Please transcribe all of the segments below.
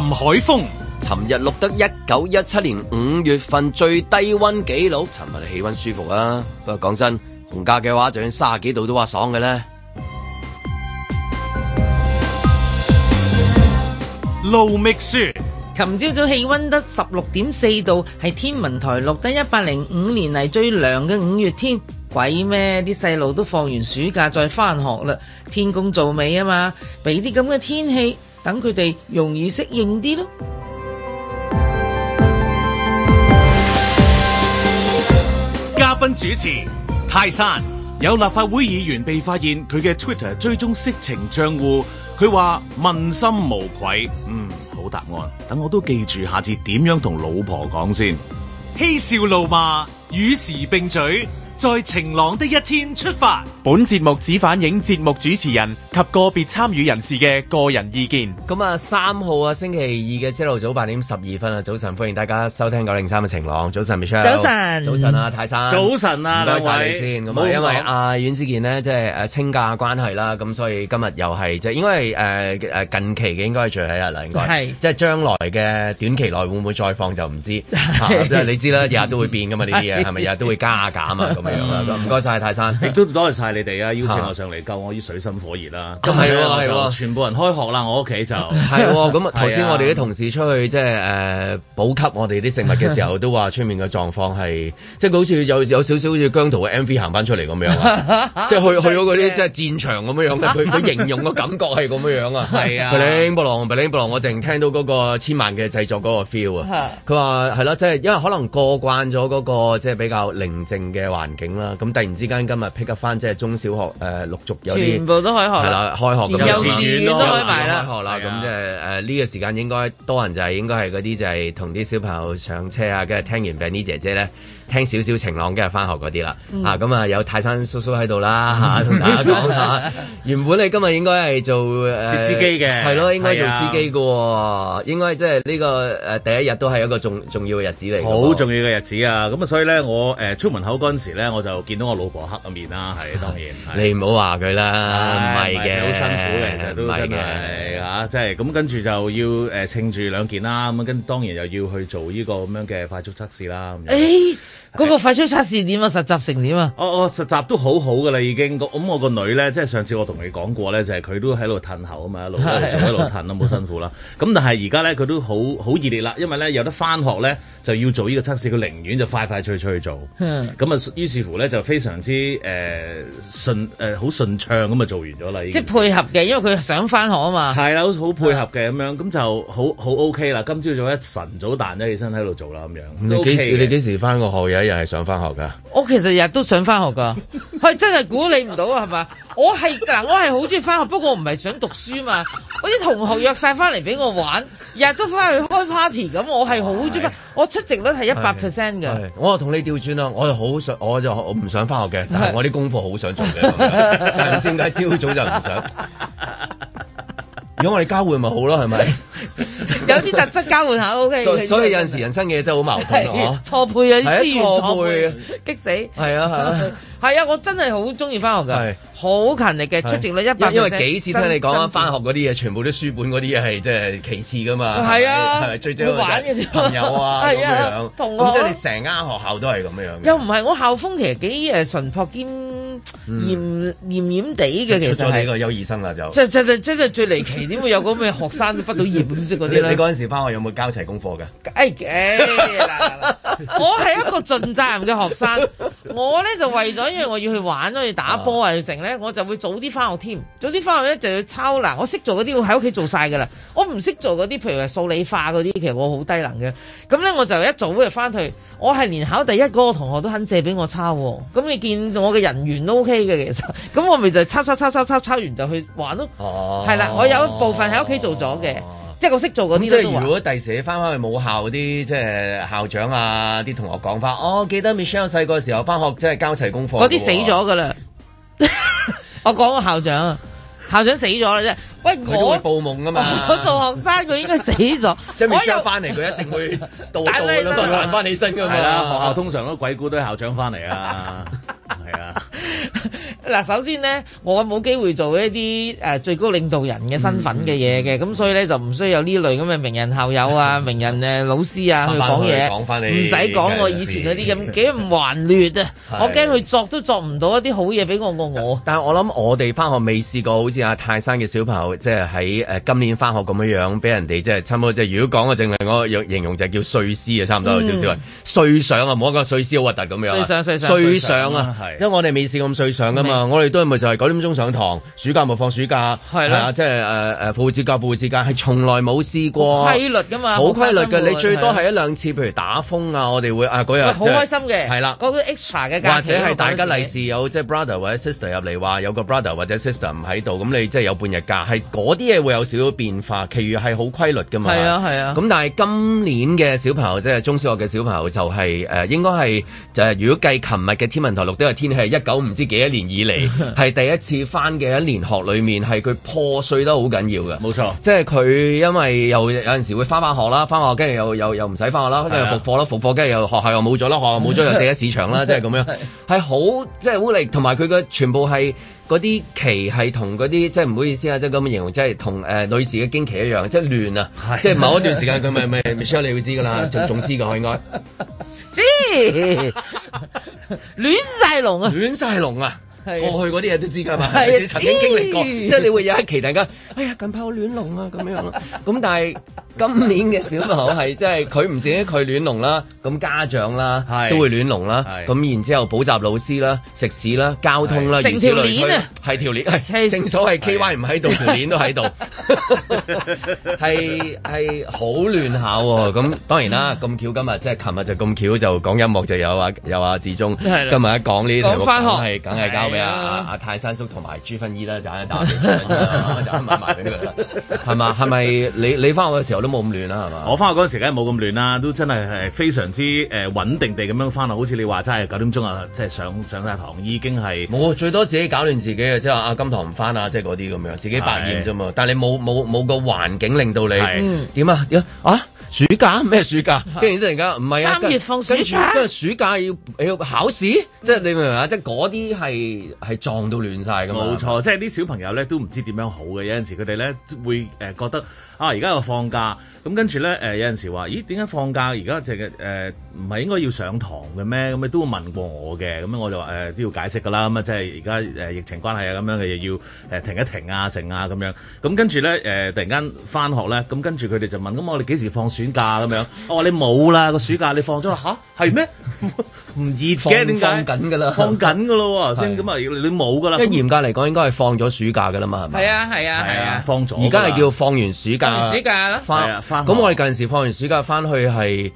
林海峰，尋日錄得一九一七年五月份最低温紀錄。尋日氣溫舒服啊，不過講真，紅家嘅話，就算卅幾度都話爽嘅呢。盧覓雪，琴朝早氣溫得十六點四度，係天文台錄得一百零五年嚟最涼嘅五月天。鬼咩？啲細路都放完暑假再翻學啦，天公造美啊嘛，俾啲咁嘅天氣。等佢哋容易適應啲咯。嘉賓主持泰山，有立法會議員被發現佢嘅 Twitter 追蹤色情賬戶，佢話問心無愧。嗯，好答案。等我都記住，下次點樣同老婆講先。嬉笑怒罵與時並舉，在晴朗的一天出發。本節目只反映節目主持人及個別參與人士嘅個人意見。咁啊，三號啊，星期二嘅朝頭早八點十二分啊，早晨歡迎大家收聽九零三嘅晴朗。早晨，Michelle。早晨。早晨啊，泰山。早晨啊，兩位。唔該晒你先。咁啊，因為啊阮子健呢，即係誒清假關係啦，咁所以今日又係即係，應該誒誒近期嘅應該係最後一日喇。係。即係將來嘅短期內會唔會再放就唔知。即係你知啦，日日都會變噶嘛，呢啲嘢係咪日日都會加減啊？咁樣啊，唔該晒泰山。亦都多謝晒。你哋啊，邀請我上嚟救我，於水深火熱啦，啊。係喎係喎，全部人開學啦，我屋企就係喎。咁 啊，頭先我哋啲同事出去即係誒補給我哋啲食物嘅時候，都話出面嘅狀況係 即係好似有有少少好似姜濤嘅 MV 行翻出嚟咁樣啊。即係去去咗嗰啲即係戰場咁樣啦。佢佢形容嘅感覺係咁樣啊。係啊。bling bling bling bling 我淨聽到嗰個千萬嘅製作嗰個 feel 啊。 佢話係咯，即係因為可能過慣咗嗰個即係比較寧靜嘅環境啦，咁突然之間今日 pick up 翻即係。中小學誒、呃、陸續有啲，全部都開學係啦，開學咁幼稚園都開埋啦，開學啦，咁即係誒呢個時間應該多人就係、係、應該係嗰啲就係同啲小朋友上車啊，跟住聽完 Benny 姐姐咧，聽少少晴朗，今日翻學嗰啲啦，啊咁啊有泰山叔叔喺度啦，吓同大家講下。原本你今日應該係做接司機嘅，係咯，應該做司機嘅，應該即係呢個誒第一日都係一個重重要嘅日子嚟，好重要嘅日子啊！咁啊，所以咧我誒出門口嗰陣時咧，我就見到我老婆黑個面啦，係當然，你唔好話佢啦，唔係嘅，好辛苦嘅，其實都真係吓，即係咁跟住就要誒稱住兩件啦，咁跟住，當然又要去做呢個咁樣嘅快速測試啦。嗰、嗯、個快速測試點啊，實習成點啊？哦哦，實習都好好㗎啦，已經咁、嗯。我個女咧，即係上次我同你講過咧，就係、是、佢都喺度褪後啊嘛，一路 一路褪 都冇辛苦啦。咁但係而家咧，佢都好好熱烈啦，因為咧有得返學咧就要做呢個測試，佢寧願就快快脆脆去，去做。咁啊，於是乎咧就非常之誒、呃、順誒好、呃、順暢咁啊做完咗啦。即係配合嘅，因為佢想返學啊嘛。係啦的，好配合嘅咁樣，咁就好好 OK 啦。今朝早一晨早彈咗起身喺度做啦，咁樣。你幾時？你幾時返個學？日係想翻學噶我其實日日都想翻學噶係 真係估你唔到啊，係嘛？我係嗱，我係好中意翻學，不過我唔係想讀書嘛。我啲同學約晒翻嚟俾我玩，日日都翻去開 party 咁，我係好中意翻，是我出席率係一百 percent 嘅。我同你調轉啦，我就好想，我就我唔想翻學嘅，但係我啲功課好想做嘅，是 但係點解朝早就唔想？ 如果我哋交換咪好咯，係咪 吧？有啲特質交換下 OK。所以有陣時人生嘅嘢真係好矛盾啊！錯配啊，資源錯配，錯配激死！係啊，係啊。 係啊，我真係好鍾意返學㗎，好勤力嘅，出席率一百。因為幾次聽你講啊，返學嗰啲嘢全部都書本嗰啲嘢係即係其次㗎嘛。係啊，最玩嘅最朋友啊咁嘅樣。即係你成間學校都係咁嘅樣。又唔係，我校風其實幾誒純樸兼嚴嚴嚴地嘅，其實係出咗幾個優異生啦就。即係即係即係最離奇點會有個咩學生畢到業唔識嗰啲呢？你嗰陣時返學有冇交齊功課㗎？誒誒，我係一個盡責任嘅學生，我呢就為咗。因為我要去玩咯，要打波啊，要成咧，我就會早啲翻學添，早啲翻學咧就要抄嗱，我識做嗰啲我喺屋企做晒噶啦，我唔識做嗰啲，譬如話數理化嗰啲，其實我好低能嘅，咁咧我就一早每日翻去，我係連考第一嗰個同學都肯借俾我抄，咁你見我嘅人緣都 OK 嘅，其實，咁我咪就抄抄抄抄抄抄，抄完就去玩咯。係啦，啊，我有一部分喺屋企做咗嘅。即係我識做嗰啲，即係如果第時你翻返去母校嗰啲，即係校長啊，啲同學講翻、哦，我記得 Michelle 細個時候翻學，即係交齊功課。嗰啲死咗噶啦！我講個校長啊，校長死咗啦，啫。喂我我報夢啊嘛！我做學生佢應該死咗 ，Michelle 翻嚟，佢一定會到到都頓翻起身噶嘛？係啦，學校通常都鬼故都係校長翻嚟啊。 係啊，嗱，首先呢，我冇機會做一啲誒最高領導人嘅身份嘅嘢嘅，咁所以咧就唔需要有呢類咁嘅名人校友啊、名人誒老師啊去講嘢，講翻你，唔使講我以前嗰啲咁幾唔還劣啊，我驚佢作都作唔到一啲好嘢俾我我，但係我諗我哋翻學未試過，好似阿泰山嘅小朋友，即係喺誒今年翻學咁樣樣，俾人哋即係差唔多，即係如果講嘅，淨係我形容就係叫碎屍啊，差唔多少少，啊，碎上啊，冇一個碎屍好核突咁樣，碎上碎上碎上啊。因為我哋未試過咁隨上噶嘛，我哋都係咪就係九點鐘上堂，暑假咪放暑假，係啦，即係誒誒，復活節假、復活節假，係從來冇試過規律噶嘛，好規律嘅，你最多係一兩次，譬如打風啊，我哋會啊嗰日好開心嘅，係啦，嗰啲 extra 嘅假或者係大家例事有即係 brother 或者 sister 入嚟話有個 brother 或者 sister 唔喺度，咁你即係有半日假，係嗰啲嘢會有少少變化，其餘係好規律噶嘛，係啊係啊，咁但係今年嘅小朋友即係中小學嘅小朋友就係誒應該係就係如果計琴日嘅天文台錄都係。係一九唔知幾多年以嚟，係第一次翻嘅一年學裏面，係佢破碎得好緊要嘅。冇錯，即係佢因為又有陣時會翻返學啦，翻學跟住又又又唔使翻學啦，跟住復課啦，復課跟住又學校又冇咗啦，學校冇咗又整喺市場啦，即係咁樣，係好即係好力。同埋佢嘅全部係嗰啲期係同嗰啲即係唔好意思啊，即係咁嘅形容，即係同誒女士嘅經期一樣，即係亂啊，即係是、啊、某一段時間佢咪咪 Michelle 你會知噶啦，就總之噶應該。知，亂晒龍啊，亂晒龍啊。過去嗰啲嘢都知㗎嘛，曾經經歷過，即係你會有一期大家，哎呀近排好亂龍啊咁樣咯，咁但係今年嘅小朋友係即係佢唔止佢亂龍啦，咁家長啦都會亂龍啦，咁然之後補習老師啦、食肆啦、交通啦，成條鏈啊，係條鏈，正所謂 K Y 唔喺度，條鏈都喺度，係係好亂吓喎。咁當然啦，咁巧今日即係琴日就咁巧就講音樂就有啊有啊，志忠今日一講呢啲，返學係梗係教係啊，阿泰山叔同埋朱芬姨啦，就喺打、 啊、就一賣埋俾佢啦，係嘛？ 係咪你你翻去嘅時候都冇咁亂啦，係嘛？我翻去嗰陣時梗係冇咁亂啦，都真係係非常之誒穩定地咁樣翻啊，好似你話齋、係、九點鐘啊，即、就、係、是、上上晒堂已經係冇，最多自己搞亂自己嘅，即係阿金堂唔翻啊，即係嗰啲咁樣自己百厭啫嘛。是但係你冇冇冇個環境令到你點啊是、嗯？啊？啊！暑假咩暑假？跟住即係而家唔係啊，三月跟住跟住暑假要要考試， 即係你明唔明啊？即係嗰啲係係撞到亂晒噶嘛。冇錯，即係啲小朋友咧都唔知點樣好嘅，有陣時佢哋咧會誒、呃、覺得。啊！而家又放假，咁跟住咧，誒有陣時話，咦點解放假？而家淨係誒唔係應該要上堂嘅咩？咁你都會問過我嘅，咁我就話誒、呃、都要解釋噶啦。咁啊即係而家誒疫情關係啊，咁樣嘅又要誒停一停啊，成啊咁樣。咁跟住咧誒突然間翻學咧，咁跟住佢哋就問，咁我哋幾時放暑假咁樣？我話你冇啦，個暑假你放咗啦吓？係、啊、咩？ 唔熱放，點放緊嘅啦，放緊嘅咯喎，先咁啊，你冇嘅啦。即係嚴格嚟講，應該係放咗暑假嘅啦嘛，係咪？係啊，係啊，係啊，啊，放咗。而家係叫放完暑假。放完暑假啦，翻翻放。咁、啊、我哋近時放完暑假翻去係。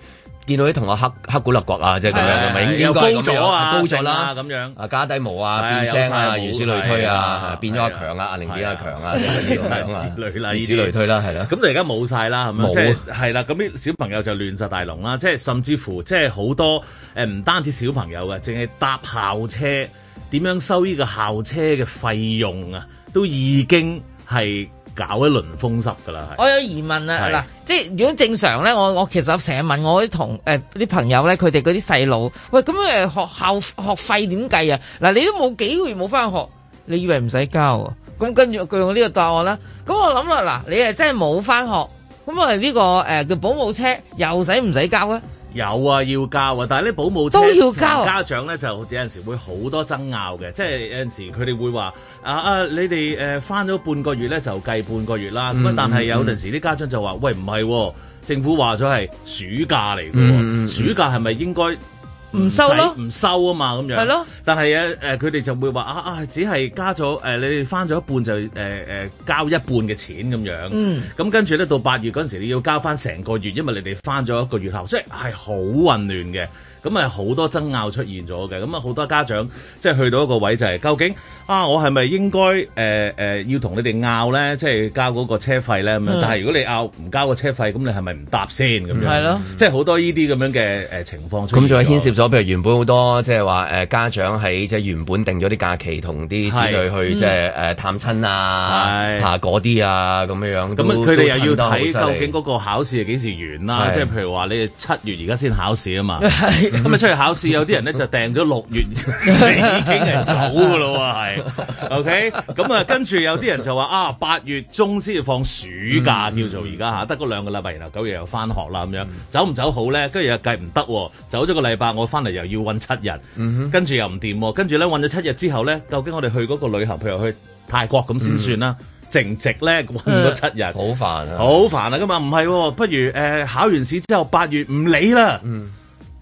見到啲同學黑黑古勒國啊，即係咁樣，又高咗啊，高咗啦咁樣，啊加低毛啊，變聲啊，如此類推啊，變咗阿強啊，阿玲變咗強啊，如此類類，如此類推啦，係咯。咁而家冇晒啦，係咪？即係係啦，咁啲小朋友就亂殺大龍啦，即係甚至乎即係好多誒，唔單止小朋友啊，淨係搭校車點樣收呢個校車嘅費用啊，都已經係。搞一輪風濕噶啦，我有疑問啊！嗱是，即係如果正常咧，我我其實成日問我啲同誒啲、呃、朋友咧，佢哋嗰啲細路，喂咁誒學校學費點計啊？嗱，你都冇幾個月冇翻學，你以為唔使交啊？咁跟住佢用呢個答案啦。咁我諗啦，嗱，你係真係冇翻學，咁啊呢個誒、呃、叫保姆車又使唔使交咧，啊？有啊，要交啊，但係呢保姆車同家長咧就有陣時會好多爭拗嘅，即係有陣時佢哋會話啊啊，你哋誒返咗半個月咧就計半個月啦，咁、嗯、但係有陣時啲家長就話喂唔係、啊，政府話咗係暑假嚟㗎，嗯、暑假係咪應該？唔收咯，唔收啊嘛咁樣。係咯。但係、呃、啊，誒佢哋就會話啊啊，只係加咗誒、呃，你哋翻咗一半就誒誒、呃、交一半嘅錢咁樣。嗯。咁跟住咧，到八月嗰時你要交翻成個月，因為你哋翻咗一個月後，即係好混亂嘅。咁啊，好多爭拗出現咗嘅。咁啊，好多家長即係去到一個位就係、是、究竟。啊！我係咪應該誒誒、呃、要同你哋拗咧？即係交嗰個車費咧？咁但係如果你拗唔交個車費，咁你係咪唔搭先咁樣？係咯、嗯，即係好多呢啲咁樣嘅誒情況咁仲、嗯嗯、有牽涉咗，譬如原本好多即係話誒家長喺即係原本定咗啲假期同啲子女去即係誒探親啊，嚇嗰啲啊咁嘅樣。咁佢哋又要睇究竟嗰個考試係幾時完啦、啊？即係是譬如話你哋七月而家先考試啊嘛，咁啊的、嗯、出去考試有啲人咧就訂咗六月 已經係走噶咯喎。OK，咁啊，跟住有啲人就話啊，八月中先要放暑假，嗯嗯、叫做而家吓，得嗰兩個禮拜，然後九月又翻學啦，咁樣、嗯、走唔走好咧？跟住又計唔得，走咗個禮拜，我翻嚟，又要韞七日，跟住又唔掂，跟住咧韞咗七日之後咧，究竟我哋去嗰個旅行，譬如去泰國咁先算啦，值唔值咧？韞咗七日，好、嗯、煩、啊，好煩啊！咁啊，唔係，不如誒、呃，考完試之後八月唔理啦。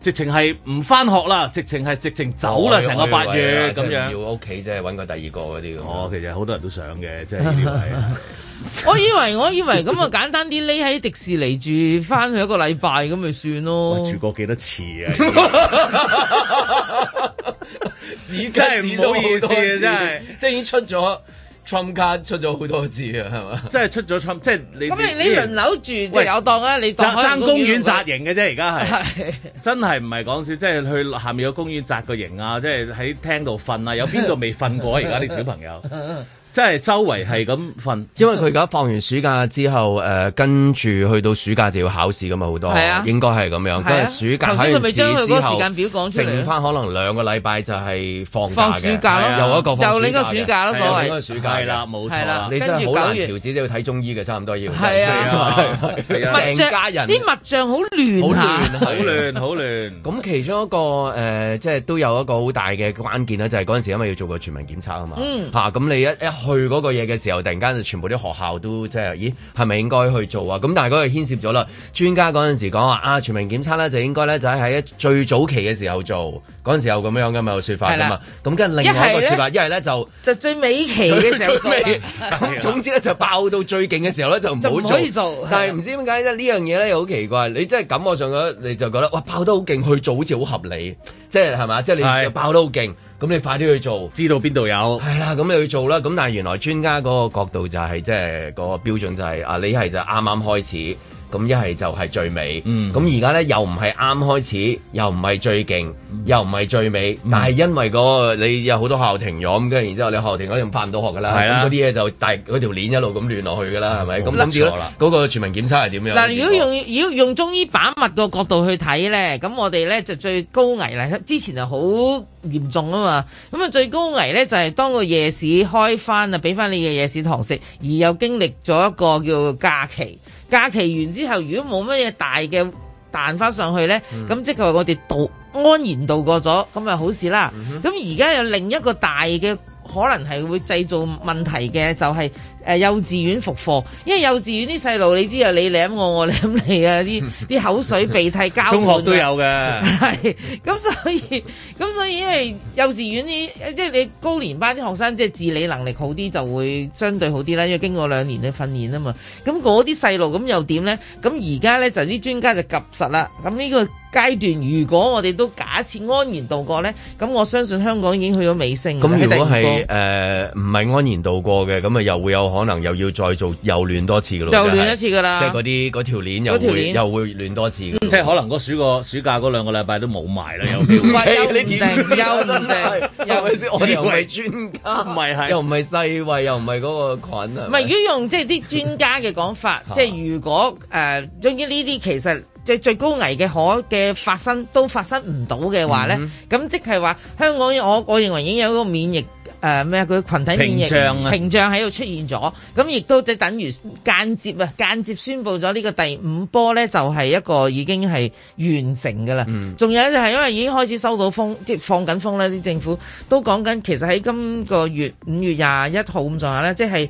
直情係唔返學啦，直情係直情走啦，成喂個八月咁樣，要屋企即係搵個第二個嗰啲。我其實好多人都想嘅，即係呢啲係。我以為我以為咁啊，簡單啲匿喺迪士尼住返去一個禮拜咁咪算咯。住過幾多次啊？真係唔好意思，真係，即係已經出咗。Trump 卡出咗好多次啊，係嘛？即係出咗 Trump，即係你。咁 你你輪流住就有當啊，喂你爭爭公園紮營嘅啫，而家係 真係唔係講笑，即係去下面個公園紮個營啊！ 即係喺廳度瞓啊！有邊度未瞓過啊？而家啲小朋友。 即係周圍係咁瞓，因為佢而家放完暑假之後，誒跟住去到暑假就要考試噶嘛，好多應該係咁樣。跟住暑假咪將佢個時間表講出嚟？剩翻可能兩個禮拜就係放假嘅，又一個暑假咯，所謂。係啦，冇錯。你真係好難調節，要睇中醫嘅，差唔多要。係啊，係啊，係啊。成家人啲物象好亂，好亂，好亂，咁其中一個誒，即係都有一個好大嘅關鍵啦，就係嗰陣時因為要做個全民檢測啊嘛。吓。咁你一一，去嗰個嘢嘅時候，突然間就全部啲學校都即係，咦係咪應該去做啊？咁但係嗰個牽涉咗啦。專家嗰陣時講話啊，全民檢測咧就應該咧就喺最早期嘅時候做。嗰陣時候咁樣噶嘛有説法噶嘛。咁跟住另外一個説法，一係咧就就最尾期嘅時候做。咁 總之咧呢對了 就爆到最勁嘅時候咧就唔好做。唔可以做，但係唔知點解是的 呢？呢樣嘢咧又好奇怪。你真係感覺上咗你就覺得哇爆得好勁，去做好似好合理。即係係嘛？即係你爆得好勁。 咁你快啲去做，知道邊度有，係啦，咁你去做啦。咁但係原來專家嗰個角度就係，即係嗰個標準就係，啊，你係就啱啱開始。咁一係就係最尾，咁而家咧又唔係啱開始，又唔係最勁，嗯、又唔係最尾，但係因為、嗰個你有好多學校停咗咁，跟住然之後你校停咗就返唔到學㗎啦，咁嗰啲嘢就大嗰條鏈一路咁亂落去㗎啦，係咪、嗯？咁諗住咧嗰個全民檢測係點樣？嗱，如果用如果用中醫把脈個角度去睇咧，咁我哋咧就最高危嚟，之前就好嚴重啊嘛，咁啊最高危咧就係、是、當個夜市開返啊，俾返你嘅夜市堂食，而又經歷咗一個叫，一個叫一個假期。假期完之後，如果冇乜嘢大嘅彈翻上去呢，咁、嗯、即係話我哋度安然度過咗，咁咪好事啦。咁而家有另一個大嘅可能係會製造問題嘅，就係、是。誒幼稚園復課，因為幼稚園啲細路，你知道你舐我，我，來我來，我舐你啊！啲啲口水、鼻涕交。 中學都有嘅。係，咁、嗯、所以咁、嗯、所以因為幼稚園啲，即係你高年班啲學生，即係自理能力好啲就會相對好啲啦。因為經過兩年嘅訓練啊嘛。咁嗰啲細路咁又點呢？咁而家呢，就啲專家就及實啦。咁、嗯、呢、這個階段，如果我哋都假設安然度過呢，咁我相信香港已經去咗尾聲。咁如果係誒唔係安然度過嘅，咁啊又，又會有。可能又要再做又亂多次嘅咯，又亂一次噶啦，即係嗰啲嗰條鏈又會又會亂多次，即係可能嗰暑個暑假嗰兩個禮拜都冇埋啦，又唔係又唔定又我又唔係專家，唔係又唔係世衛，又唔係嗰個菌啊，唔係如果用即係啲專家嘅講法，即係如果誒，關於呢啲其實即係最高危嘅可嘅發生都發生唔到嘅話咧，咁即係話香港我我認為已經有個免疫。誒咩？佢羣、呃、體免疫屏障喺、啊、度出現咗，咁亦都即等於間接啊，間接宣佈咗呢個第五波咧，就係一個已經係完成嘅啦。仲、嗯、有就係因為已經開始收到風，即係放緊風咧，啲政府都講緊，其實喺今個月五月廿一號咁上下咧，即係。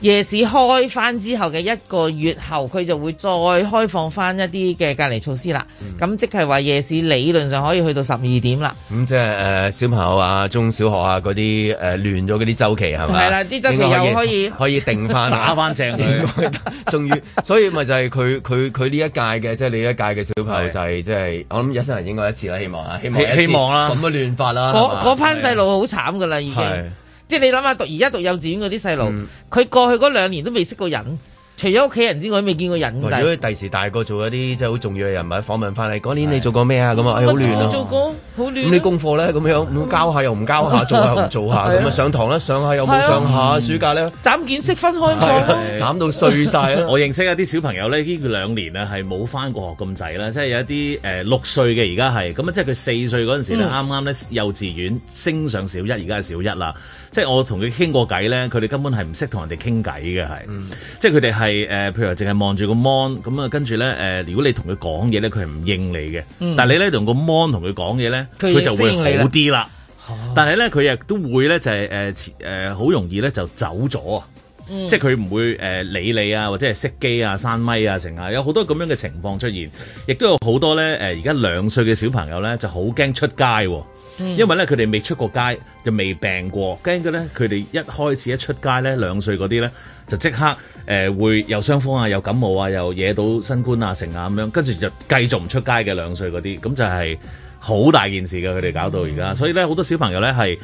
夜市開翻之後嘅一個月後，佢就會再開放翻一啲嘅隔離措施啦。咁即係話夜市理論上可以去到十二點啦。咁即係誒小朋友啊、中小學啊嗰啲誒亂咗嗰啲周期係咪？係啦，啲周期又可以可以定翻打翻正佢，終於所以咪就係佢佢佢呢一屆嘅即係呢一屆嘅小朋友就係即係我諗一生人應該一次啦，希望啊，希望希望啦，咁啊亂法啦，嗰班細路好慘㗎啦已經。即係你諗下，讀而家讀幼稚園啲細路，佢、嗯、過去兩年都未識過人。除咗屋企人之外，未見過人仔。如果第時大個做一啲即係好重要嘅人物訪問翻嚟，嗰年你做過咩啊？咁啊，好亂。做過，好亂。咁你功課咧？咁樣唔交下又唔交下，做下又唔做下，咁啊上堂啦，上下又冇上下。暑假咧，斬件式分開咪斬到碎晒。我認識啊啲小朋友咧，呢兩年啊係冇翻過學咁滯啦，即係有一啲誒六歲嘅而家係咁啊，即係佢四歲嗰陣時咧，啱啱咧幼稚園升上小一，而家係小一啦。即係我同佢傾過偈咧，佢哋根本係唔識同人哋傾偈嘅係，即係佢哋係。係誒，譬如話淨係望住個 mon 咁啊，跟住咧誒，如果你同佢講嘢咧，佢係唔應你嘅。嗯、但係你咧同個 mon 同佢講嘢咧，佢就會好啲啦。哦、但係咧，佢亦都會咧就係誒誒，好容易咧就走咗啊，嗯、即係佢唔會誒理你啊，或者係熄機啊、閂咪啊，成啊，有好多咁樣嘅情況出現。亦都有好多咧誒，而家兩歲嘅小朋友咧就好驚出街，因為咧佢哋未出過街，就未病過，驚佢咧佢哋一開始一出街咧，兩歲嗰啲咧就即刻。誒、呃、會又傷風啊，又感冒啊，又惹到新冠啊，成啊咁樣，跟住就繼續唔出街嘅兩歲嗰啲，咁就係好大件事嘅佢哋搞到而家，嗯嗯，所以咧好多小朋友咧係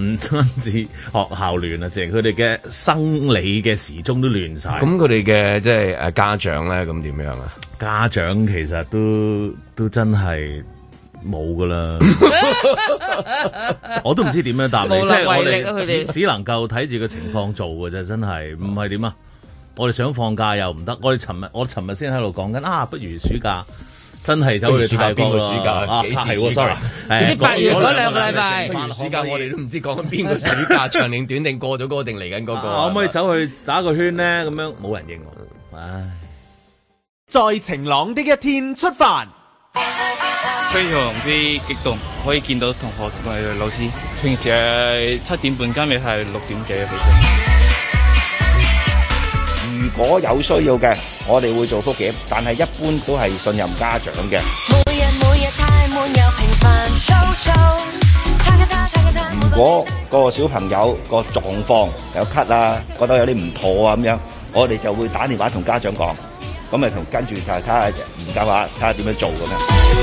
唔單止學校亂啊，淨係佢哋嘅生理嘅時鐘都亂晒。咁佢哋嘅即係誒家長咧，咁點樣啊？家長其實都都真係冇噶啦， 我都唔知點樣答你，即係、啊、我哋只，他們 只能夠睇住個情況做噶啫，真係唔係點啊？ 我哋想放假又唔得，我哋尋日我尋日先喺度講緊啊，不如暑假真係走去泰國啦，暑假啊，係 sorry，唔知八月嗰兩個禮拜暑假，我哋都唔知講緊邊個暑假，長定短定過咗嗰個定嚟緊嗰個。可唔可以走去打個圈呢？咁樣冇人應我，唉。在晴朗的一天出發，非常之激動，可以見到同學同埋老師。平時係七點半，今日係六點幾起身。如果有需要嘅，我哋會做復檢，但係一般都係信任家長嘅。如果個小朋友個狀況有咳啊，覺得有啲唔妥啊咁樣，我哋就會打電話同家長講，咁咪同跟住就睇下唔得啊，睇下點樣做咁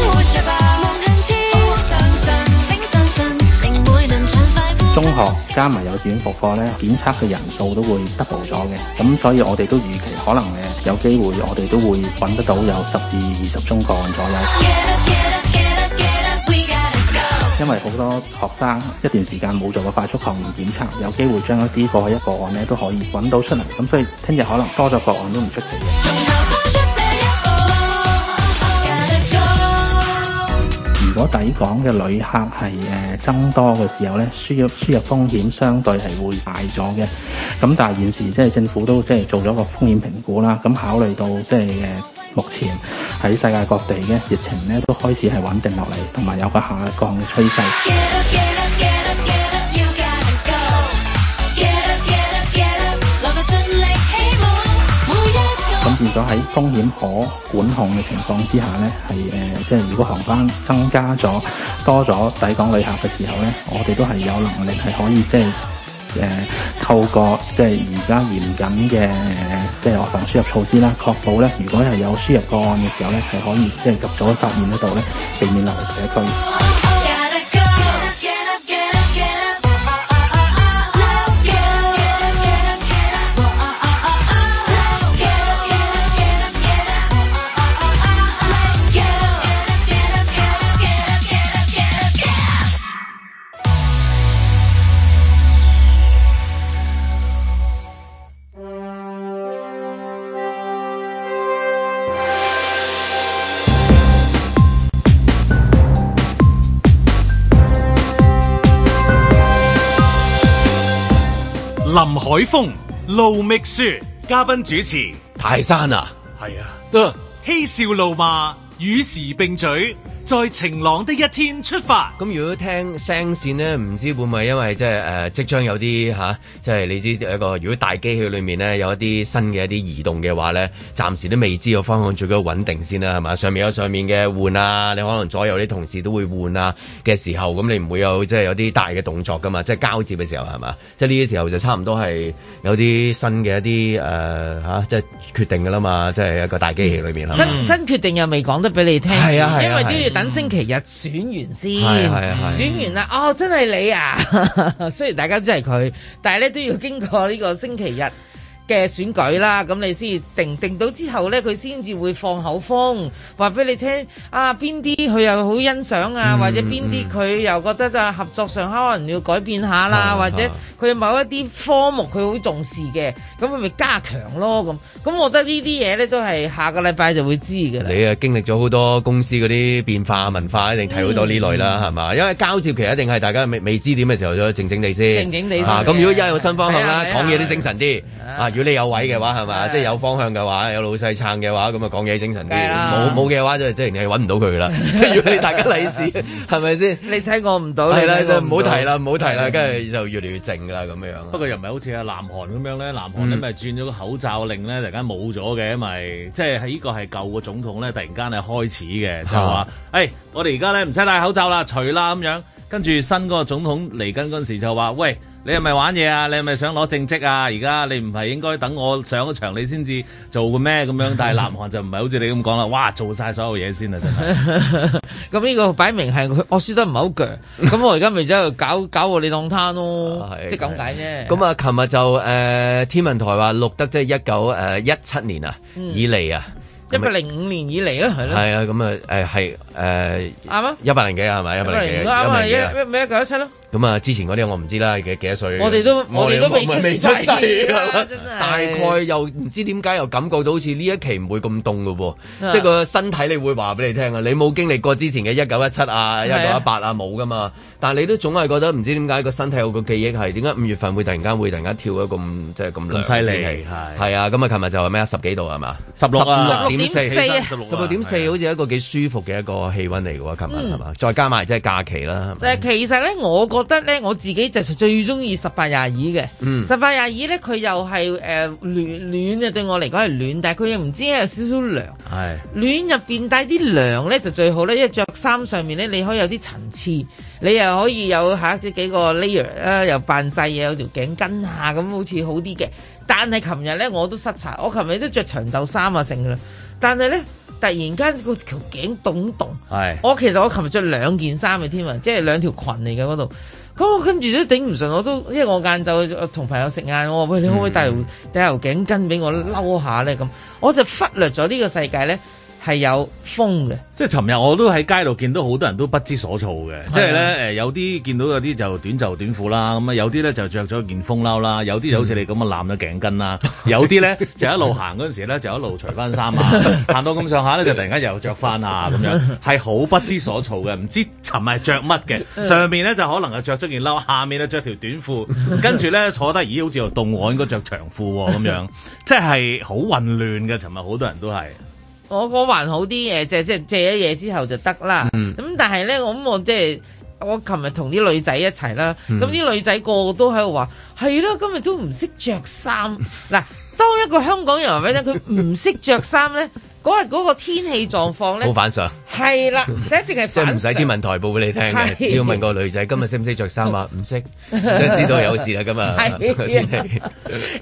樣。中學加埋幼稚園復課咧，檢測嘅人數都會 double 咗嘅，咁所以我哋都預期可能誒有機會，我哋都會揾得到有十至二十宗個案左右。Go. 因為好多學生一段時間冇做過快速抗原檢測，有機會將一啲過去一個案咧都可以揾到出嚟，咁所以聽日可能多咗個案都唔出奇嘅。如果抵港嘅旅客係誒、呃、增多嘅時候咧，輸入輸入風險相對係會大咗嘅。咁但係現時即係政府都即係做咗個風險評估啦。咁、嗯、考慮到即係誒目前喺世界各地嘅疫情咧都開始係穩定落嚟，同埋有個下降嘅趨勢。如果喺風險可管控嘅情況之下咧，係誒、呃，即係如果航班增加咗多咗抵港旅客嘅時候咧，我哋都係有能力係可以即係誒透過即係而家嚴謹嘅即係外防輸入措施啦，確保咧，如果係有輸入個案嘅時候咧，係可以即係及早發現得到咧，避免流入社區。林海峰、盧覓雪嘉賓主持，泰山啊，係啊，嬉、啊、笑怒罵與時並舉。在晴朗的一天出發。咁如果聽聲線呢？唔知會唔會因為即係誒即將有啲嚇，即係你知一個，如果大機器裏面呢，有一啲新嘅一啲移動嘅話呢，暫時都未知個方向最緊要穩定先啦，係嘛？上面有上面嘅換啊，你可能左右啲同事都會換啊嘅時候，咁你唔會有即係有啲大嘅動作噶嘛？即係交接嘅時候係嘛？即係呢啲時候就差唔多係有啲新嘅一啲誒嚇，即係決定噶啦嘛，即係一個大機器裏面。新新決定又未講得俾你聽，係啊，因為啲。等星期日選完先，是是是選完啦，是是哦，真係你啊！ 雖然大家知係佢，但係咧都要經過呢個星期日嘅選舉啦，咁你先定定到之後呢，佢先至會放口風話俾你聽啊，邊啲佢又好欣賞啊，嗯、或者邊啲佢又覺得合作上可能要改變下啦，啊、或者佢某一啲科目佢好重視嘅，咁佢咪加強咯咁。咁我覺得呢啲嘢呢，都係下個禮拜就會知嘅啦。你啊經歷咗好多公司嗰啲變化文化，一定睇好多呢類啦，係嘛、嗯？因為交接期一定係大家未知點嘅時候正正，就靜靜地先。靜靜地先。咁如果一有新方向啦，講嘢都精神啲。如果你有位嘅話，係咪？即係有方向嘅話，有老細撐嘅話，咁啊講嘢精神啲。冇冇嘅話，就即係你揾唔到佢啦。即係如果你大家利是，係咪先？你睇我唔到你啦，真唔好提啦，唔好提啦。跟住就越嚟越靜啦，咁樣。不過又唔係好似啊南韓咁樣咧，南韓你咪轉咗個口罩令咧，突然間冇咗嘅，咪即係係呢個係舊個總統咧，突然間係開始嘅，就話誒，我哋而家咧唔使戴口罩啦，除啦咁樣。跟住新嗰個總統嚟緊嗰陣時就話喂。你係咪玩嘢啊？你係咪想攞正職啊？而家你唔係應該等我上咗場，你先至做嘅咩咁樣？但係南韓就唔係好似你咁講啦。哇，做晒所有嘢先啊，真係。咁呢 個擺明係我輸得唔係好強。咁 我而家咪走去搞搞我你當攤咯，即係咁解啫。咁啊，琴日就誒天文台話錄得即係一九誒一七年啊，以嚟啊，一百零五年以嚟啦，係、呃、咯。啊了，咁啊誒係誒，啱啊，一百零幾係咪一百零幾？一一九一七咯。咁啊，之前嗰啲我唔知啦，幾幾多歲？我哋都我哋都未出世，真係。大概又唔知點解又感覺到好似呢一期唔會咁凍噶喎，即係個身體你會話俾你聽啊！你冇經歷過之前嘅一九一七啊、一九一八啊冇噶嘛，但係你都總係覺得唔知點解個身體有個記憶係點解五月份會突然間會突然間跳咗咁即係咁涼嘅天氣係啊！咁啊，琴日就係咩啊？十幾度係嘛？十六啊，十六點四，十六點四好似一個幾舒服嘅一個氣温。嚟嘅喎，琴日係嘛？再加埋即係假期啦。誒，其實咧，我覺我覺得咧，我自己就最中意十八廿二嘅。十八廿二咧，佢又係誒、呃、暖暖嘅，對我嚟講係暖，但係佢又唔知有少少涼。是暖入邊帶啲涼咧就最好咧，因為著衫上面咧你可以有啲層次，你又可以有下幾個 layer 啊，又扮晒嘢，有條頸巾啊咁，好似好啲嘅。但係琴日咧我都失策，我琴日都着長袖衫啊成嘅啦。但係咧。突然間、個條頸凍凍，是我其實我琴日着兩件衫嘅添啊，即係兩條裙嚟嘅嗰度，咁我跟住都頂唔順，我都因為我晏晝同朋友食晏，我話喂，你可唔可以帶條帶條頸巾俾我嬲下咧咁，我就忽略咗呢個世界咧。係有風嘅，即係尋日我都喺街度見到好多人都不知所措嘅，即係咧誒有啲見到有啲就短袖短褲啦，咁啊有啲咧就着咗件風褸啦，有啲就好似你咁啊攬咗頸巾啦，有啲咧就一路行嗰陣時咧就一路除翻衫啊，行 到咁上下咧就突然間又着翻啊咁樣，係好不知所措嘅，唔知尋日着乜嘅，上面咧就可能係着咗件褸，下面咧着條短褲，跟住咧坐低咦好似又凍喎，應該著長褲喎咁樣，即係好混亂嘅。尋日好多人都係。我我還好啲嘢，即即係借咗嘢之後就得啦。咁、mm. 但係呢，我咁我即、就、係、是、我琴日同啲女仔一齊啦。咁啲、mm. 女仔個個都喺度話：係囉、啊，今日都唔識着衫。嗱， 當一個香港人話畀你聽，佢唔識着衫呢。嗰日嗰個天氣狀況咧，好反常，係啦，即一定係即係唔使天文台報俾你聽嘅，的要問個女仔今日識唔識着衫啊？唔識 即知道有事啦咁啊！天氣，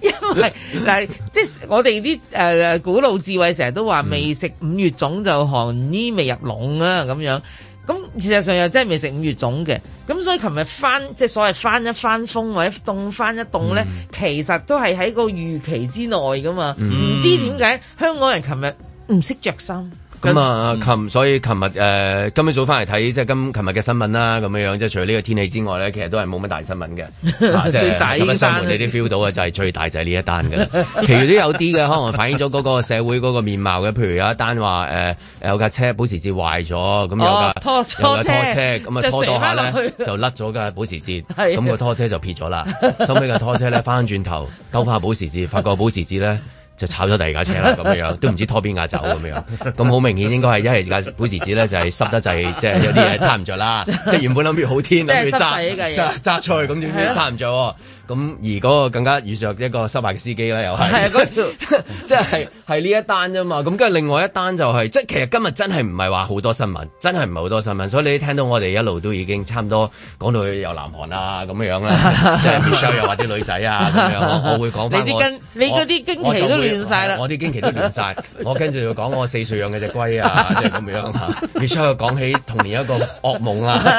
因為嗱，即係、就是、我哋啲誒古老智慧成日都話，未食五月粽就寒衣未入籠啊咁樣。咁事實上又真係未食五月粽嘅，咁所以琴日翻即係、就是、所謂翻一翻風或者凍翻一凍咧，嗯、其實都係喺個預期之內噶嘛。唔知點解香港人琴日。唔識着衫，咁、嗯、啊！琴所以琴日誒、呃，今，早今日早翻嚟睇即係今琴日嘅新聞啦，咁樣樣即係除咗呢個天氣之外咧，其實都係冇乜大新聞嘅。 最大呢英單、啊、 你都 feel 到嘅就係、是、最大就係呢一單嘅啦， 其餘都有啲嘅，可能反映咗嗰個社會嗰個面貌嘅。譬如有一單話誒、呃，有架車保時捷壞咗，咁有架、哦、拖，拖，拖車，架拖車咁啊拖多下咧就甩咗架保時捷，咁個 拖車就撇咗啦。收尾架拖車咧翻轉頭兜翻個保時捷，發覺保時捷咧。就炒咗第二架車啦，咁樣都樣都唔知拖邊架走咁樣，咁好明顯應該係因為架保時捷咧，就係濕得滯， 即係有啲嘢攤唔着啦， 即係原本諗住好天啊，諗住濕滯揸揸揸出去咁點樣攤唔着喎？ 咁而嗰個更加遇着一個失敗嘅司機咧，又係係啊， 即係係呢一單啫嘛。咁跟住另外一單就係、是，即係其實今日真係唔係話好多新聞，真係唔係好多新聞。所以你聽到我哋一路都已經差唔多講到去遊南韓啊咁樣啦， 即係 Michelle 又話啲女仔啊咁樣，我會講翻我我啲經期都亂晒啦，我啲經期都亂晒。我跟住要講我四歲養嘅隻龜啊，咁、就是、樣嚇。 Michelle 又講起童年一個噩夢啊。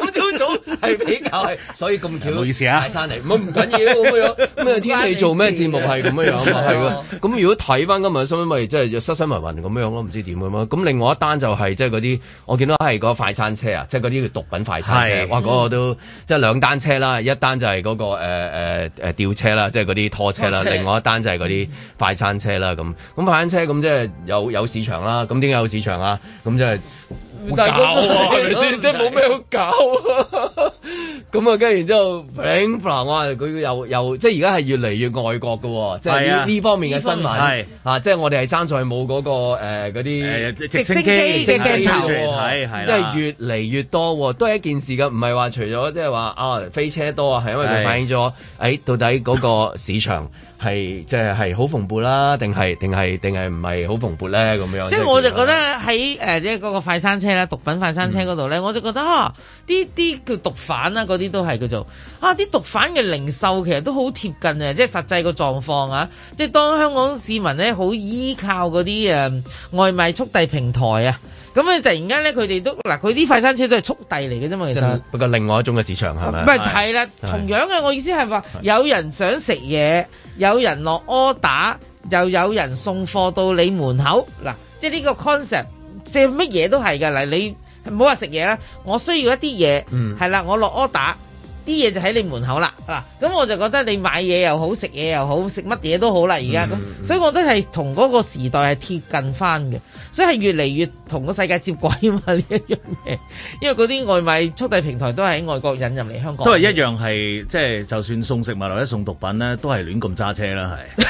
係 比較係，所以咁巧拜、啊、山嚟，唔係唔緊要咁樣。咩天氣做咩節目係咁樣啊？係、就、咁、是、 如果睇翻今日新聞，咪即係濕濕文霉咁樣咯，唔知點咁樣。咁另外一單就係即係嗰啲，我見到係個快餐車啊，即係嗰啲叫毒品快餐車。是哇，嗰、嗰個都即係兩單車啦，一單就係嗰、嗰個誒誒誒吊車啦，即係嗰啲拖車啦。車另外一單就係嗰啲快餐車啦，咁咁快餐車咁即係有有市場啦。咁點解有市場啊？咁即係。冇搞啊，係咪先？即係冇咩好搞。咁啊，跟住然之後，Pring，嗱我話佢又又即係而家係越嚟越外國嘅喎，即係呢呢方面嘅新聞，嚇即係我哋係爭在冇嗰個嗰啲直升機嘅鏡頭，即係越嚟越多，都係一件事嘅，唔係話除咗即係話啊飛車多啊，係因為佢反映咗誒到底嗰個市場。係即係係好蓬勃啦，定係定係定係唔係好蓬勃咧咁樣。即係我就覺得喺誒即係嗰個快餐車啦，毒品快餐車嗰度咧，我就覺得啊，啲啲叫毒販啊，嗰啲都係叫做啊啲毒販嘅零售其實都好貼近啊，即係實際個狀況啊，即係當香港市民咧好依靠嗰啲誒外賣速遞平台啊。咁你突然間咧，佢哋都嗱，佢啲快餐車都係速遞嚟嘅啫嘛，其實不過另外一種嘅市場係咪？唔係係啦，同樣嘅我意思係話，有人想食嘢，有人落 order，又有人送貨到你門口。嗱，即係呢個 concept，即係乜嘢都係㗎。嗱，你唔好話食嘢啦，我需要一啲嘢，係啦、嗯，我落 order。啲嘢就喺你門口啦，嗱，咁我就覺得你買嘢又好，食嘢又好，食乜嘢都好啦，而家咁，所以我都係同嗰個時代係貼近翻嘅。所以係越嚟越同個世界接軌啊嘛呢一樣嘢，因為嗰啲外賣速遞平台都係喺外國引入嚟香港，都係一樣係即係就算送食物或者送毒品咧，都係亂咁揸車啦，係。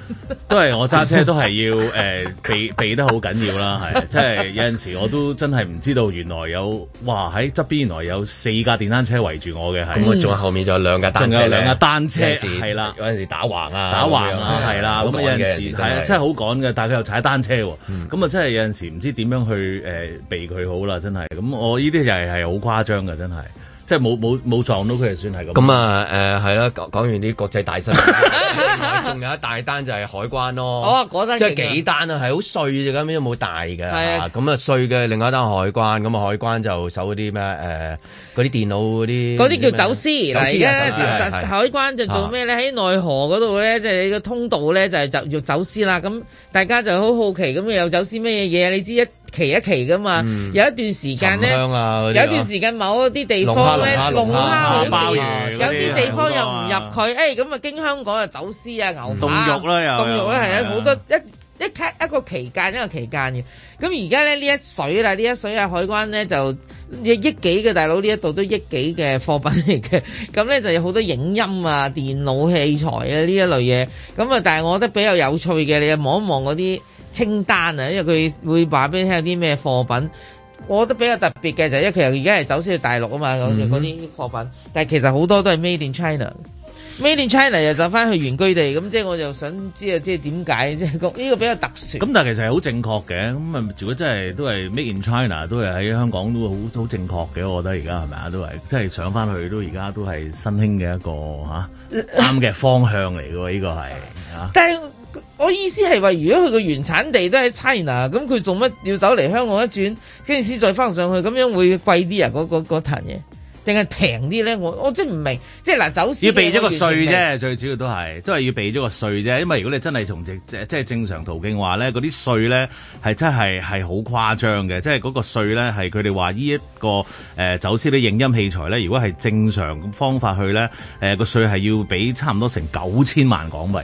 都係我揸車都係要誒、呃、避避得好緊要啦，係，即係有陣時我都真係唔知道原來有，哇喺側邊原來有四架電單車圍住我嘅，咁我仲後面仲有兩架有兩架單車，係啦，有陣時打橫啊，打橫啊，係啦，咁有陣時真係好趕嘅，但係佢又踩單車，咁的啊的真係、嗯、有陣時唔知點樣去誒、呃、避佢好啦，真係，咁我呢啲就係係好誇張嘅，真係。真即係冇冇冇撞到佢就算係咁。咁啊，誒係啦，講完啲國際大新聞，仲 有一大單就係海關咯。 哦，嗰、那個、單即係幾單啊，係好碎嘅咁，都冇大嘅。係咁的啊、嗯、碎嘅另外一單海關，咁啊海關就收啲咩誒嗰啲電腦嗰啲。嗰啲叫走私嚟嘅，海關就、呃、做咩咧？喺內河嗰度咧，即係個通道咧，就係、就要走私啦。咁大家就好好奇，咁有走私咩嘢嘢？你知一期一期㗎嘛，有一段時間咧，有一段時間某一啲地方咧，龍蝦好啲，有啲地方又唔入佢，誒咁啊經香港啊走私啊牛肉啦又，凍肉啦係好多一一一個期間一個期間嘅，咁而家咧呢一水啦呢一水啊海關咧就億億幾嘅大佬呢一度都億幾嘅貨品嚟嘅，咁咧就有好多影音啊電腦器材啊呢一類嘢，咁啊但係我覺得比較有趣嘅，你望一望嗰啲。清單啊，因為佢會話俾你聽有啲咩貨品，我覺得比較特別嘅就係因為其實而家係走先去大陸啊嘛，嗰啲貨品，嗯、哼但係其實好多都係 Made in China，Made in China 又走翻去原居地，咁即係我就想知啊，即係點解即係呢個比較特殊？咁、嗯、但係其實係好正確嘅，咁啊，如果真係都係 Made in China，都係喺香港都好好正確嘅，我覺得而家係咪啊，都係即係上翻去都而家都係新興嘅一個嚇啱嘅方向嚟嘅喎，呢、這個係嚇。係、啊。我意思係話，如果佢個原產地都喺 China，咁佢做乜要走嚟香港一轉，跟住先再翻上去，咁樣會貴啲啊？嗰嗰嗰壇嘢，定係平啲咧？我我真唔明，即係嗱，走私要避咗個稅啫，最主要都係都係要避咗個稅啫。因為如果你真係從即正即即係正常途徑話咧，嗰啲稅咧係真係係好誇張嘅，即係嗰個稅咧係佢哋話呢一、這個誒、呃、走私啲影音器材咧，如果係正常方法去咧，誒個稅係要俾差唔多成九千萬港幣。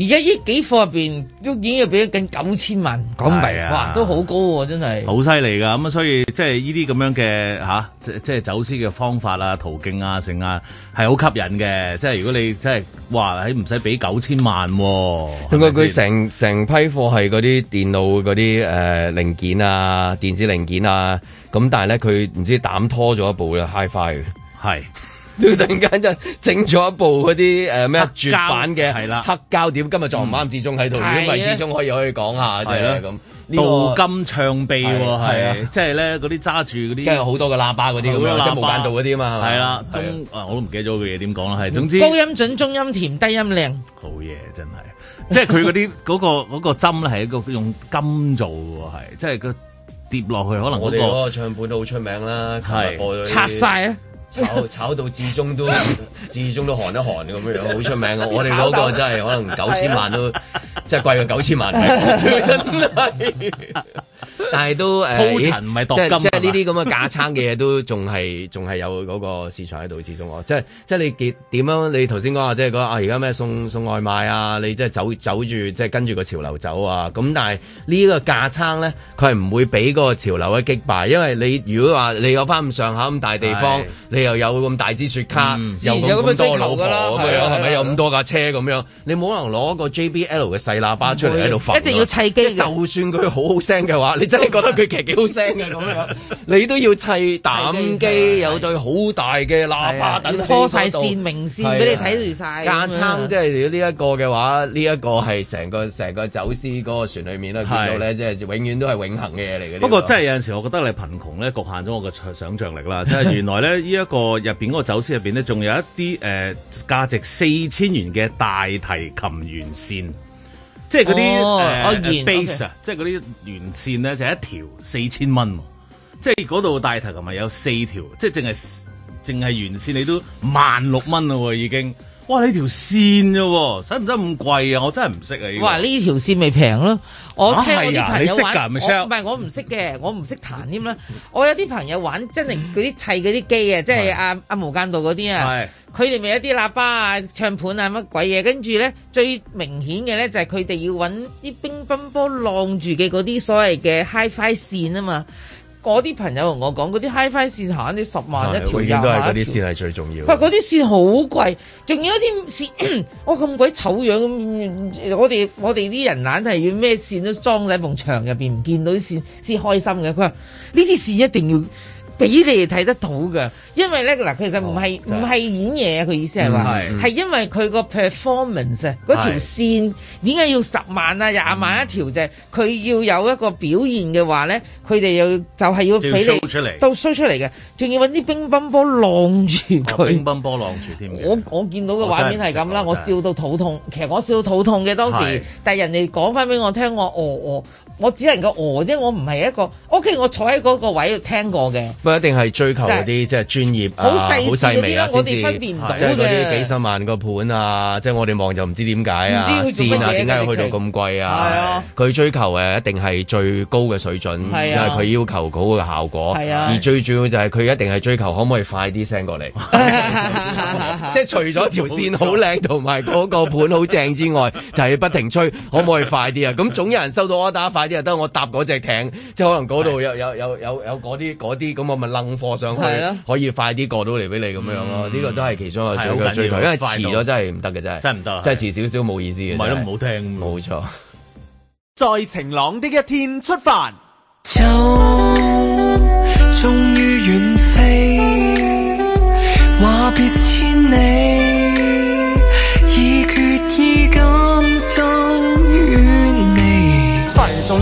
而家億幾貨入邊都已經要俾緊九千萬港幣，啊、哇，都好高喎，啊，真係好犀利噶。咁啊，所以即係呢啲咁樣嘅吓，即係、啊、走私嘅方法啊、途徑啊、剩啊，係好吸引嘅。即係如果你即係哇，喺唔使俾九千萬、啊，同埋佢成成批貨係嗰啲電腦嗰啲誒零件啊、電子零件啊，咁但係咧佢唔知膽拖咗一部 Hi-Fi 都突然間就整咗一部嗰啲誒咩絕版嘅係啦黑膠碟，今日撞唔啱？始終喺度，如唔係始終可以可以講下啫咁。鍍金唱臂係，即係咧嗰啲揸住嗰啲，跟住好多個喇叭嗰啲咁啊，即係無間道嗰啲啊嘛。係啦，中啊我都唔記得咗嘅嘢點講啦。係總之高音準、中音甜、低音靚，好嘢真係。即係佢嗰啲嗰個嗰個針係一個用金做嘅係，即係佢跌落去可能我哋嗰個唱盤都好出名啦。係拆晒啊！炒炒到至終都，至終都寒一寒咁樣樣，好出名。我哋嗰個真係可能九千萬都，即係貴過九千萬。但係都鋪陳唔係奪金。即係呢啲咁嘅價差嘅嘢都仲係仲係有嗰個市場喺度，始終。即係即係你點點樣？你頭先講話，即係講啊，而家咩送送外賣啊？你即係走走住，即係跟住個潮流走啊。咁但係呢個價差咧，佢係唔會俾嗰個潮流去擊敗，因為你如果話你攞翻咁上下咁大地方，你又有咁大支雪茄，又咁多老婆，係咪有咁多架車咁樣？你冇可能攞一個 JBL 嘅細喇叭出嚟喺度發，一定要砌機。就算佢好好聲嘅話，你真係覺得佢其實幾好聲嘅咁樣，你都要砌膽機，有對好大嘅喇叭等拖晒線明線俾你睇住晒。架撐即係如果呢一個嘅話，呢一個係成個成個走私嗰個船裡面咧，見到咧，即係永遠都係永恆嘅嘢嚟嘅。不過真係有陣時，我覺得你貧窮咧局限咗我嘅想像力啦。即係原來咧，呢一個入邊嗰個走私入邊咧，仲有一啲誒、呃、價值四千元嘅大提琴原線，即係嗰啲啊，base 啊 okay.、就是，即係嗰啲原線咧，就一條四千蚊，即係嗰度大提琴咪有四條，即係淨係淨係原線你都萬六蚊咯喎已經。哇！你條線啫，使唔使咁貴啊？我真係唔識啊！呢呢、呢個、條線咪平咯。我嚇係啊！你識㗎咪唔係我唔識嘅，我唔識彈添啦。我有啲朋友玩真係佢啲砌嗰啲機啊，即係阿阿無間道嗰啲啊。佢哋咪有啲喇叭啊、唱盤啊乜鬼嘢，跟住咧最明顯嘅咧就係佢哋要揾啲乒乓波晾住嘅嗰啲所謂嘅 hi-fi 線啊嘛。嗰啲朋友同我講，嗰啲 hi-fi 線行啲、啊、十萬一條嘅，下下嗰啲線係最重要。佢嗰啲線好貴，仲要一啲線，我咁鬼醜樣咁、嗯嗯，我哋我哋啲人硬係要咩線都裝喺埲牆入邊，唔見到啲線先開心嘅。佢話呢啲線一定要。俾你哋睇得到嘅，因為咧嗱，其實唔係唔係演嘢，佢意思係話，係、嗯、因為佢個 performance 啊、嗯，嗰條線點解要十萬啊、廿萬一條啫、就是？佢、嗯、要有一個表現嘅話咧，佢哋又就係、是、要俾你到衰出嚟嘅，仲要揾啲乒乓波浪住佢，乒乓波浪住添。我我見到嘅畫面係咁啦，我笑到肚痛。其實我笑到肚痛嘅當時，是但係人哋講翻俾我聽，我哦、呃、哦、呃，我只能夠哦、呃、啫，我唔係一個 OK，我坐喺嗰個位聽過嘅。一定係追求啲即係專業啊，好細好細微啦。我哋分辨唔到啊！即係啲幾十萬個盤啊，即係我哋望就唔知點解啊，線啊，點解要去到咁貴啊？佢追求誒一定係最高嘅水準，因為佢要求個效果。係啊，而最主要就係佢一定係追求可唔可以快啲 send 過嚟，即係除咗條線好靚同埋個盤好正之外，就係不停吹可唔可以快啲啊？咁總有人收到 order 我打快啲啊！等我搭隻艇，即係可能度有有有有有啲啲咁啊。咪愣貨上去，可以快啲過到嚟俾你咁樣咯。呢個都係其中一個最好嘅追求，因為遲咗真係唔得嘅，真係真係唔得啊，真係遲少少冇意思嘅，唔係咯，唔好聽，冇錯。在晴朗的一天出發，就終於遠飛，話別千里。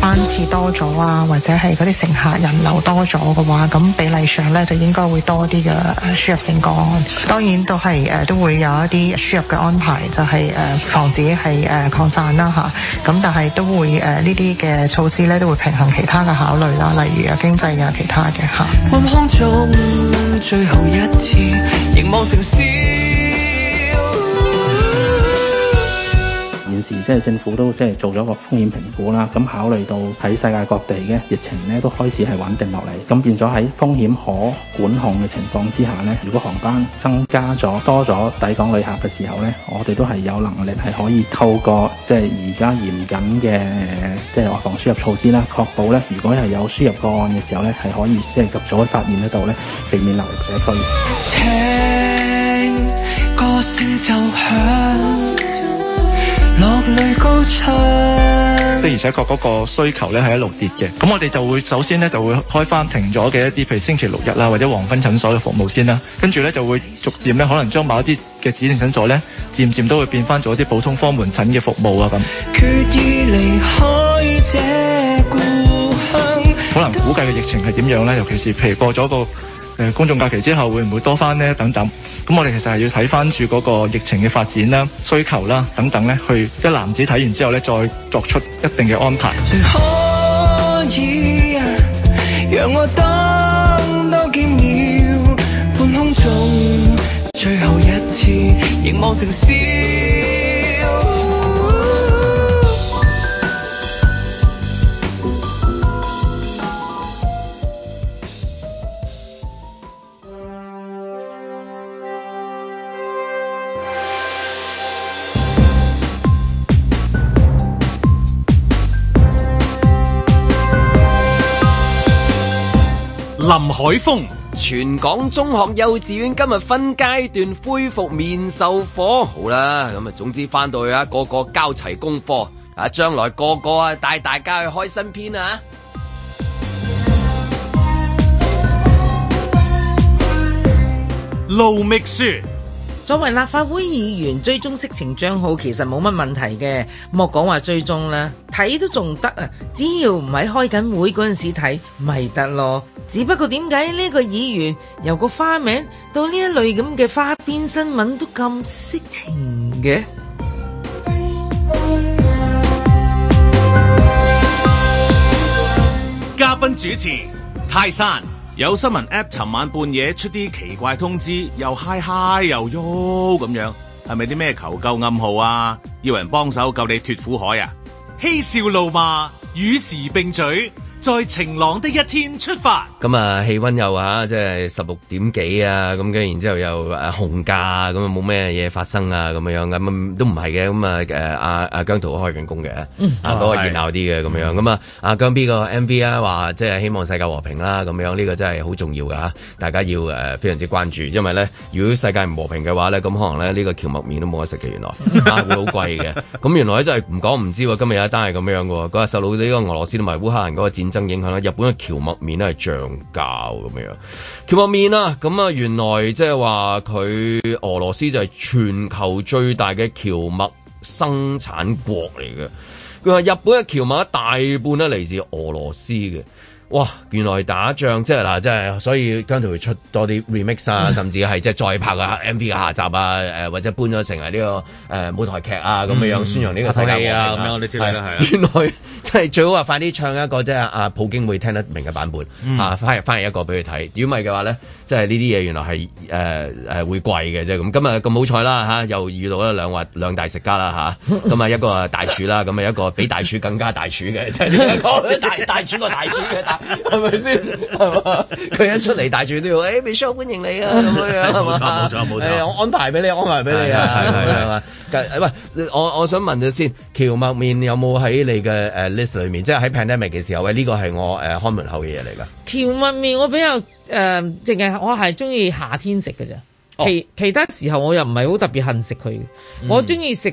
班次多咗啊，或者係嗰啲乘客人流多咗嘅話，咁比例上咧就應該會多啲嘅輸入性個案。當然都係誒、呃，都會有一啲輸入嘅安排，就係、是、誒、呃、防止係誒擴散啦吓。咁、啊、但係都會誒呢啲嘅措施咧都會平衡其他嘅考慮啦，例如啊經濟啊其他嘅吓。啊時即係政府都即係做咗個風險評估啦，咁考慮到喺世界各地嘅疫情咧都開始係穩定落嚟，咁變咗喺風險可管控嘅情況之下呢，如果航班增加咗多咗抵港旅客嘅時候呢，我哋都係有能力係可以透過即係而家嚴謹嘅即係話防輸入措施啦，確保呢，如果係有輸入個案嘅時候呢，係可以即係及早發現得到呢，避免流入社區。落淚高唱的而且確，個需求咧，係一路跌嘅，咁我哋就會首先咧就會開翻停咗嘅一啲，譬如星期六日啦或者黃昏診所嘅服務先啦，跟住咧就會逐漸咧可能將某一啲嘅指定診所咧，漸漸都會變翻做一啲普通科門診嘅服務啊咁。決意離開呢個故鄉，可能估計嘅疫情係點樣咧？尤其是譬如過咗個。誒、呃、公眾假期之後會唔會多翻呢？等等，咁我哋其實係要睇翻住嗰個疫情嘅發展啦、需求啦等等咧，去一攬子睇完之後咧，再作出一定嘅安排。誰可以讓我等多幾秒半空中，最後一次凝望城市。」林海峰，全港中學幼稚園今日分階段恢復面授課，好啦，咁啊，總之翻到去啊，個個交齊功課，啊，將來個個啊帶大家去開新篇啊，盧覓雪。作為立法會議員追蹤色情賬號，其實冇乜問題嘅。莫講話追蹤啦，睇都仲得啊！只要唔係開緊會嗰陣時睇，咪得咯。只不過點解呢個議員由個花名到呢一類咁嘅花邊新聞都咁色情嘅？嘉賓主持：泰山。有新聞 app 尋晚半夜出啲奇怪通知，又嗨嗨又喐咁樣，係咪啲咩求救暗號啊？要人幫手救你脫苦海啊？嬉笑怒罵與時並舉。在晴朗的一天出發。咁啊，氣溫又吓，即係十六點幾啊。咁跟住，然之後又誒紅假，咁啊冇咩嘢發生啊。咁樣樣咁都唔係嘅。咁啊，誒阿阿姜濤開緊工嘅，啊嗰個熱鬧啲嘅咁樣。咁啊，阿是、啊、姜 B 個 MV 啊，話即係希望世界和平啦。咁樣呢個真係好重要㗎、啊、大家要誒非常之關注。因為咧，如果世界唔和平嘅話咧，咁可能咧呢、呢個蕎麥麵都冇得食嘅、啊啊。原來啊，會好貴嘅。咁原來咧真係唔講唔知，今日有一單係咁樣嘅。嗰、那個細佬呢個俄羅斯同埋烏克蘭嗰個戰正影響啦，日本嘅蕎麥麵咧係漲價咁樣。蕎麥麵啊，咁啊，原來即係話佢俄羅斯就係全球最大嘅蕎麥生產國嚟嘅。佢話日本嘅蕎麥大半咧嚟自俄羅斯嘅。哇！原來打仗即係嗱，即係所以姜濤會出多啲 remix 啊，甚至係即係再拍啊 MV 嘅下集啊，誒或者搬咗成為呢個誒舞台劇啊咁嘅樣宣揚呢個世界啊！咁樣我知啦，係是原來即係最好話快啲唱一個即係阿普京會聽得明嘅版本嚇，翻翻嚟一個俾佢睇。如果唔係嘅話咧，即係呢啲嘢原來係誒誒會貴嘅即係咁。今日咁好彩啦嚇，又遇到咧兩大食家啦嚇，咁小啊 Hopefully, 一個大廚啦，咁啊一個比大廚更加大廚嘅、exactly. utilizar 可 言，大大廚過大廚嘅係咪先？係嘛？佢一出嚟大住都要，誒、hey, Michelle 歡迎你啊，咁樣樣係嘛？冇錯冇錯，我安排俾你，安排俾你啊，係係嘛？喂，我我想問咗先，蕎麥麵有冇喺你嘅誒、uh, list 裏面？即係喺 pandemic 嘅時候，喂，呢、這個係我誒開、uh, 門口嘅嘢嚟噶。蕎麥麵我比較誒，淨、呃、係我係中意夏天食嘅啫，其、oh. 其他時候我又唔係好特別恨食佢我中意食誒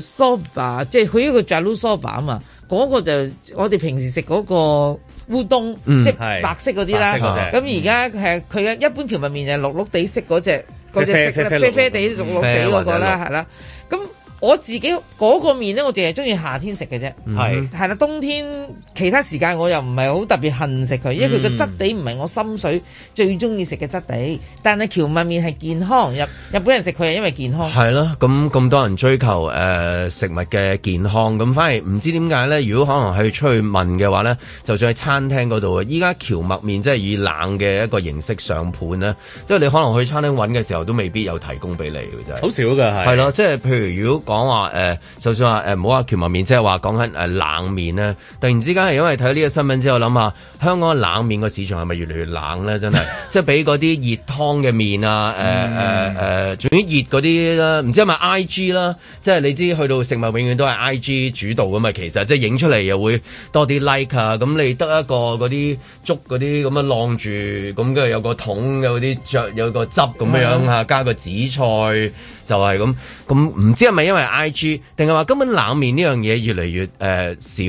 soba，即係佢呢個 jaloo soba 啊嘛，嗰、那個就我哋平時食嗰個。Mm. 烏冬即係白色嗰啲啦，咁而家係佢嘅一般蕎麥麵就綠綠地色嗰隻，嗰隻色咧啡啡地綠綠地嗰個啦，係啦，咁。我自己嗰個麵呢，我淨係中意夏天食嘅啫，係係啦，冬天其他時間我又唔係好特別恨食佢，因為佢嘅質地唔係我心水最中意食嘅質地。但係蕎麥麵係健康，日日本人食佢係因為健康。係咯，咁咁多人追求誒、呃、食物嘅健康，咁反而唔知點解呢，如果可能去出去問嘅話呢，就算喺餐廳嗰度，依家蕎麥麵即係以冷嘅一個形式上盤呢，即係你可能去餐廳揾嘅時候都未必有提供俾你嘅啫。好少㗎係。係咯，即係譬如如果。講話誒，就算話誒，唔好話蕎麥麵，即係話講緊誒冷麵咧。突然之間，係因為睇呢個新聞之後，諗下香港冷麵個市場係咪越嚟越冷咧？真係，即係俾嗰啲熱湯嘅麵啊，誒誒誒，仲有啲熱嗰啲啦，唔知係咪 I G 啦？即係你知去到食物，永遠都係 I G 主導噶嘛。其實即係影出嚟又會多啲 like 啊。咁你得一個嗰啲粥樣、嗰啲咁嘅晾住，咁跟住有個桶，有啲著有個汁咁嘅樣嚇，加個紫菜。 就係咁咁，唔知係咪因為 IG 定係話根本冷麵呢樣嘢越嚟越誒、呃、少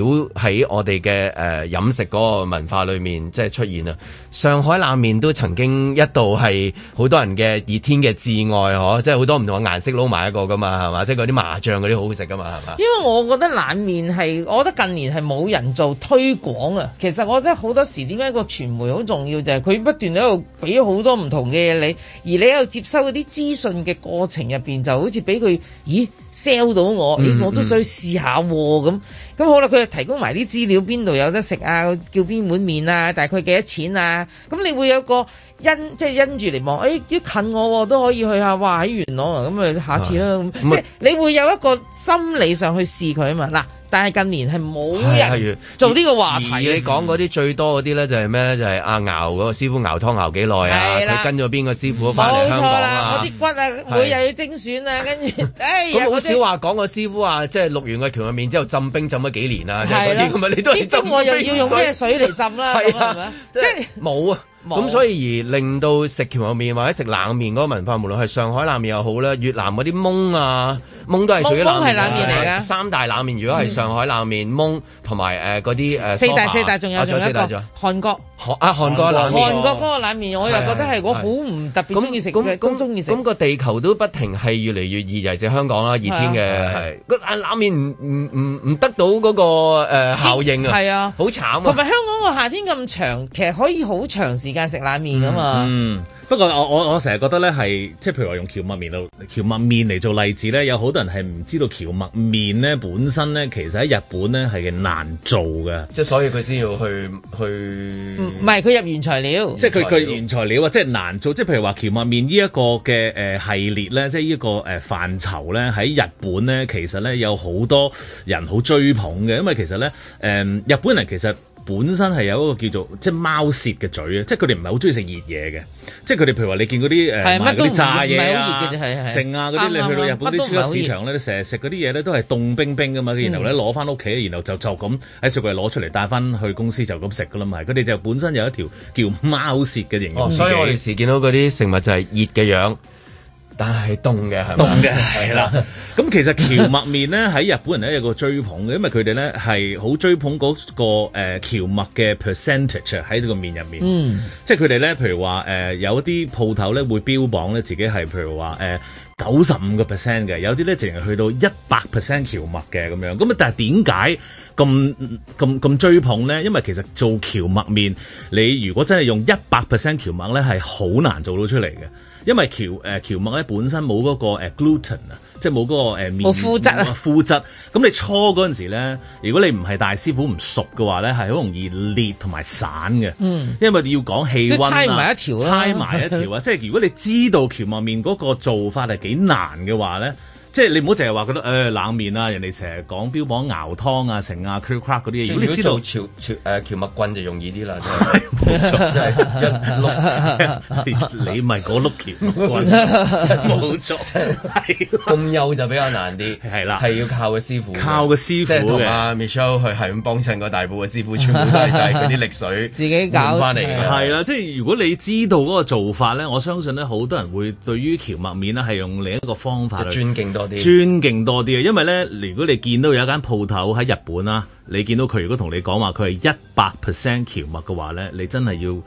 喺我哋嘅誒飲食嗰個文化裏面即係出現啦。上海冷麵都曾經一度係好多人嘅熱天嘅至愛，呵，即係好多唔同嘅顏色撈埋一個㗎嘛，係嘛？即係嗰啲麻醬嗰啲好好食㗎嘛，係嘛？因為我覺得冷麵係，我覺得近年係冇人做推廣啊。其實我覺得好多時點解個傳媒好重要就係佢不斷喺度俾好多唔同嘅嘢你，而你喺度接收嗰啲資訊嘅過程入邊。便就好似俾佢，咦 sell 到我，咦我都想試下咁、啊，咁好啦，佢又提供埋啲資料，邊度有得食啊？叫邊碗麵啊？大概幾多錢啊？咁你會有一個因，即係因住嚟望，誒、欸，要近我、啊、都可以去下，哇，喺元朗啊，咁啊，下次啦，咁的樣即係你會有一個心理上去試佢啊嘛，嗱。但係近年係冇人做呢個話題。而你講嗰啲最多嗰啲咧，就係咩咧？就係阿熬嗰個師傅熬湯熬幾耐啊？佢跟咗邊個師傅翻香港啊？冇錯啦，我啲骨啊，每日要精選啊，跟住誒。好少話講個師傅啊？即係淥完個蕎麵之後浸冰浸咗幾年啦。係啊，咁咪你都係浸冰。冰我又要用咩水嚟浸啦？係啊，即係冇啊。咁所以而令到食蕎麵或者食冷麵嗰個文化，無論係上海冷麵又好咧，越南嗰啲檬啊。檬都係屬於冷麵嚟㗎，三大冷麵如果係上海冷麵、檬同埋誒嗰啲誒四大四大仲有仲一個韓國韓啊韓國冷麵，韓國嗰個冷麵我又覺得係我好唔特別中意食嘅，咁中意食咁個地球都不停係越嚟越熱，尤其是香港啦，熱天嘅係個冷麵唔唔唔唔得到嗰個誒效應啊，係啊，好慘啊！同埋香港個夏天咁長，其實可以好長時間食冷麵㗎嘛。不過我我我成日覺得咧係即係譬如話用蕎麥麵度蕎麥麵嚟做例子咧，有好多人係唔知道蕎麥麵咧本身咧其實喺日本咧係難做嘅，即係所以佢先要去去唔係佢入原材料，即係佢佢原材料啊，即係難做。即係譬如話蕎麥麵呢一個嘅誒系列咧，即係呢一個誒範疇咧喺日本咧，其實咧有好多人好追捧嘅，因為其實咧誒、嗯、日本人其實。本身係有一個叫做即係貓舌嘅嘴、呃、啊，即係佢哋唔係好鍾意食熱嘢嘅，即係佢哋譬如話你見嗰啲誒買嗰啲炸嘢啊、剩啊嗰啲，你去到日本啲超級市場咧，你成日食嗰啲嘢咧都係凍冰冰㗎嘛，然後咧攞翻屋企，然後就就咁喺雪櫃攞出嚟帶翻去公司就咁食㗎啦嘛，佢哋、嗯、就本身有一條叫貓舌嘅形。哦、嗯，所以我哋時見到嗰啲食物就係熱嘅樣。但係凍嘅係，凍嘅係啦。咁其實蕎麥麵咧，喺日本人咧有個追捧嘅，因為佢哋咧係好追捧嗰個誒蕎麥嘅 percentage 喺呢個麵入面。嗯，即係佢哋咧，譬如話誒、呃，有一啲鋪頭咧會標榜咧自己係譬如話誒九十五個 percent 嘅，有啲咧淨係去到一百 percent 蕎麥嘅咁樣。咁啊，但係點解咁咁咁追捧咧？因為其實做蕎麥麵，你如果真係用一百 percent 蕎麥咧，係好難做到出嚟嘅。因為蕎誒蕎麥咧本身冇嗰、那個 gluten 啊，gluten, 即係冇嗰個、呃、麵麩質啊，麩質。咁、啊、你初嗰陣時咧，如果你唔係大師傅唔熟嘅話咧，係好容易裂同埋散嘅。嗯，因為你要講氣温猜埋一條猜埋一條啊！即係如果你知道蕎麥麵嗰個做法係幾難嘅話咧。即係你唔好淨係話覺得誒冷麵啊，人哋成日講標榜熬湯啊、成啊、crack 嗰啲嘢。如果你知道，朝朝誒蕎麥棍就容易啲啦。冇錯，真係一碌，你咪嗰碌蕎麥棍。冇錯，真係。咁幼就比較難啲，係啦，係要靠個師傅，靠個師傅嘅。Michelle 佢係咁幫襯個大部分師傅，全部都係就係嗰啲力水自己搞翻嚟嘅。係啦，即係如果你知道嗰個做法咧，我相信咧，好多人會對於蕎麥麵咧係用另一個方法嚟尊敬。尊敬多啲啊，因為咧，如果你見到有一間鋪頭喺日本啦，你見到佢如果同你講話佢係一百 percent 蕎麥嘅話咧，你真係要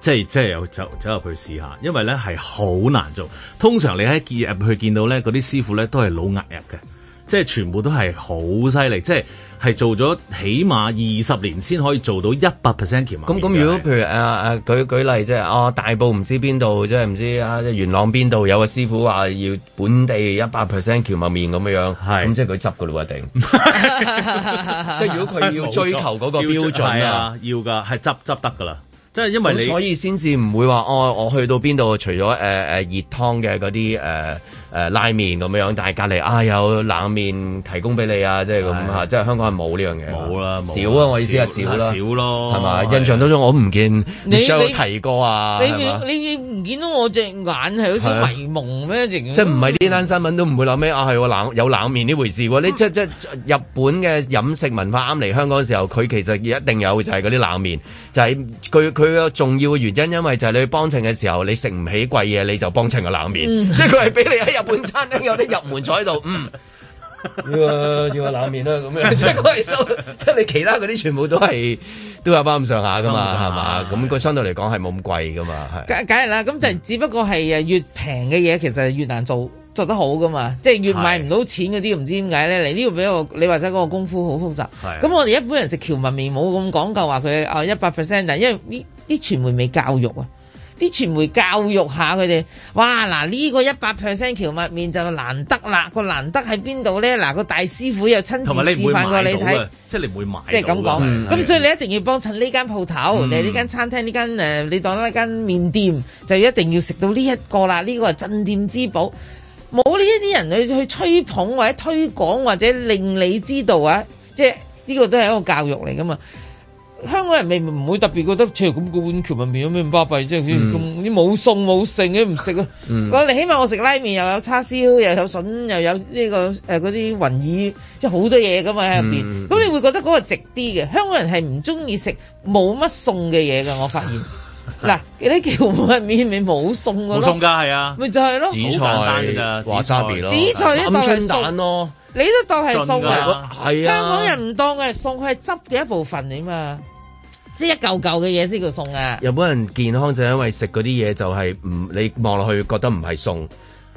即係即係又走走入去試下，因為咧係好難做。通常你喺見入去見到咧嗰啲師傅咧都係老壓入嘅。即係全部都係好犀利，即係係做咗起碼二十年先可以做到一百 percent 蕎麥。咁咁，如果譬如誒誒、呃，舉舉例即係啊，大埔唔知邊度，即係唔知啊，即元朗邊度有個師傅話要本地一百 percent 蕎麥麵咁樣樣，咁是即係佢執噶啦，我一定。 即係如果佢要追求嗰個標準，係啊，要㗎，係執執，執得㗎啦。即係因為你，所以先至唔會話哦，我去到邊度，除咗誒誒熱湯嘅嗰啲誒。誒、呃、拉麵咁樣，但係隔離啊有冷麵提供俾你啊，即係咁嚇，唉即係香港係冇呢樣嘢冇啦，少啊！我意思係少少咯係嘛？印象當中我唔見你你提過啊，你吧你唔見到我隻眼係好似迷蒙咩？即係唔係呢單新聞都唔會諗咩啊？係喎冷有冷麵呢回事喎、啊？你、嗯、即即日本嘅飲食文化啱嚟香港時候，佢其實一定有就係嗰啲冷麵。就係佢佢個重要嘅原因，因為就係你去幫襯嘅時候，你食唔起貴嘢，你就幫襯個冷麵，嗯、即係佢係俾你喺日本餐廳 有啲入門坐喺度，嗯，要個要個冷麵啦咁樣，即係佢係收，即係你其他嗰啲全部都係都有一百咁上下噶嘛，係嘛？咁佢相對嚟講係冇咁貴噶嘛，係。梗梗係啦，咁就係只不過係誒越平嘅嘢其實越難做。做得好㗎嘛，即係越賣唔到錢嗰啲，唔的知點解咧你呢度俾我。你話齋嗰個功夫好複雜，咁的我哋一般人食蕎麥麵冇咁講究，話佢啊一百 percent 因為呢啲傳媒未教育啊，啲傳媒教育下佢哋，哇嗱呢個一百 percent 蕎麥麵就難得啦。個難得喺邊度咧？嗱、個大師傅又親自示範過你睇，即係你唔會買，看即係咁講。咁所以你一定要幫襯呢間鋪頭，你呢間、嗯、餐廳呢間誒，你當一間麵店就一定要食到呢一個啦。呢個係鎮店之寶。冇呢一啲人去去吹捧或者推廣或者令你知道啊，即係呢、這個都係一個教育嚟噶嘛。香港人明唔會特別覺得朝咁個碗橋入面有咩巴閉，即係佢咁你冇餸冇剩嘅唔食咯。啊嗯、碼我你起碼我食拉麵又有叉燒又有筍又有呢、這個誒嗰啲雲耳，即係好多嘢噶嘛喺入邊。咁、嗯、你會覺得嗰個值啲嘅。香港人係唔中意食冇乜餸嘅嘢噶，我發現。嗱，記得叫乜麵咪冇餸噶咯？冇餸㗎係啊，咪就係咯，好簡單嘅啫，紫菜咯，紫菜都當係餸咯，你都當係餸嘅，係啊，香港人唔當嘅係餸，佢係汁嘅一部分嚟嘛，即係一嚿嚿嘅嘢先叫餸啊！日本人健康就係因為食嗰啲嘢就係唔你望落去覺得唔係餸。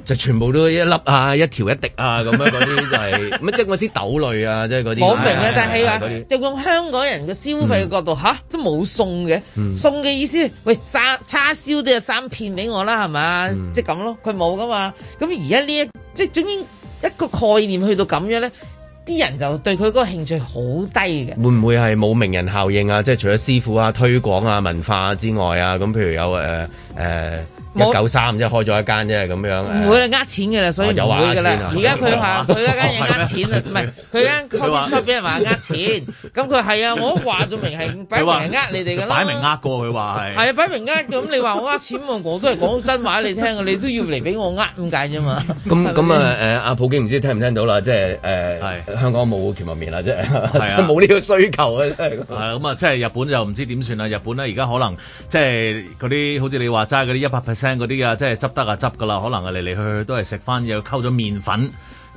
就全部都一粒啊，一條一滴啊咁樣嗰啲就係，即係嗰啲豆類啊，即係嗰啲。我明啊，哎、呀但係話、哎、呀就用香港人嘅消費角度吓、嗯啊，都冇送嘅，嗯、送嘅意思喂，三叉燒都有三片俾我啦，係、嗯、嘛？即係咁咯，佢冇噶嘛。咁而家呢一即係總之一個概念去到咁樣咧，啲人就對佢嗰個興趣好低嘅。會唔會係冇名人效應啊？即係除咗師傅啊、推廣啊、文化之外啊，咁譬如有誒誒。呃呃呃呃冇九三即開咗一間啫，咁樣唔會你呃錢嘅啦，所以唔會嘅啦。而家佢話佢嗰間嘢呃錢啊，唔係佢間 concept 俾人話呃錢。咁佢係啊，我話咗明係擺明呃你哋㗎啦。擺明呃過佢話係。係啊，擺明呃咁，你話我呃錢喎，我都係講真話你聽啊，你都要嚟俾我呃咁解啫嘛。咁咁啊誒，阿普京唔知聽唔聽到啦，即係誒香港冇蕎麥麵啦，即係冇呢個需求啊，真係。係啊，咁啊，即係日本就唔知點算啊。日本咧而家可能即係嗰啲好似你話齋嗰啲一百 percent。聽嗰啲啊，即係執得啊，執噶啦，可能啊嚟嚟去去都係食翻，又溝咗麵粉。嘅誒誒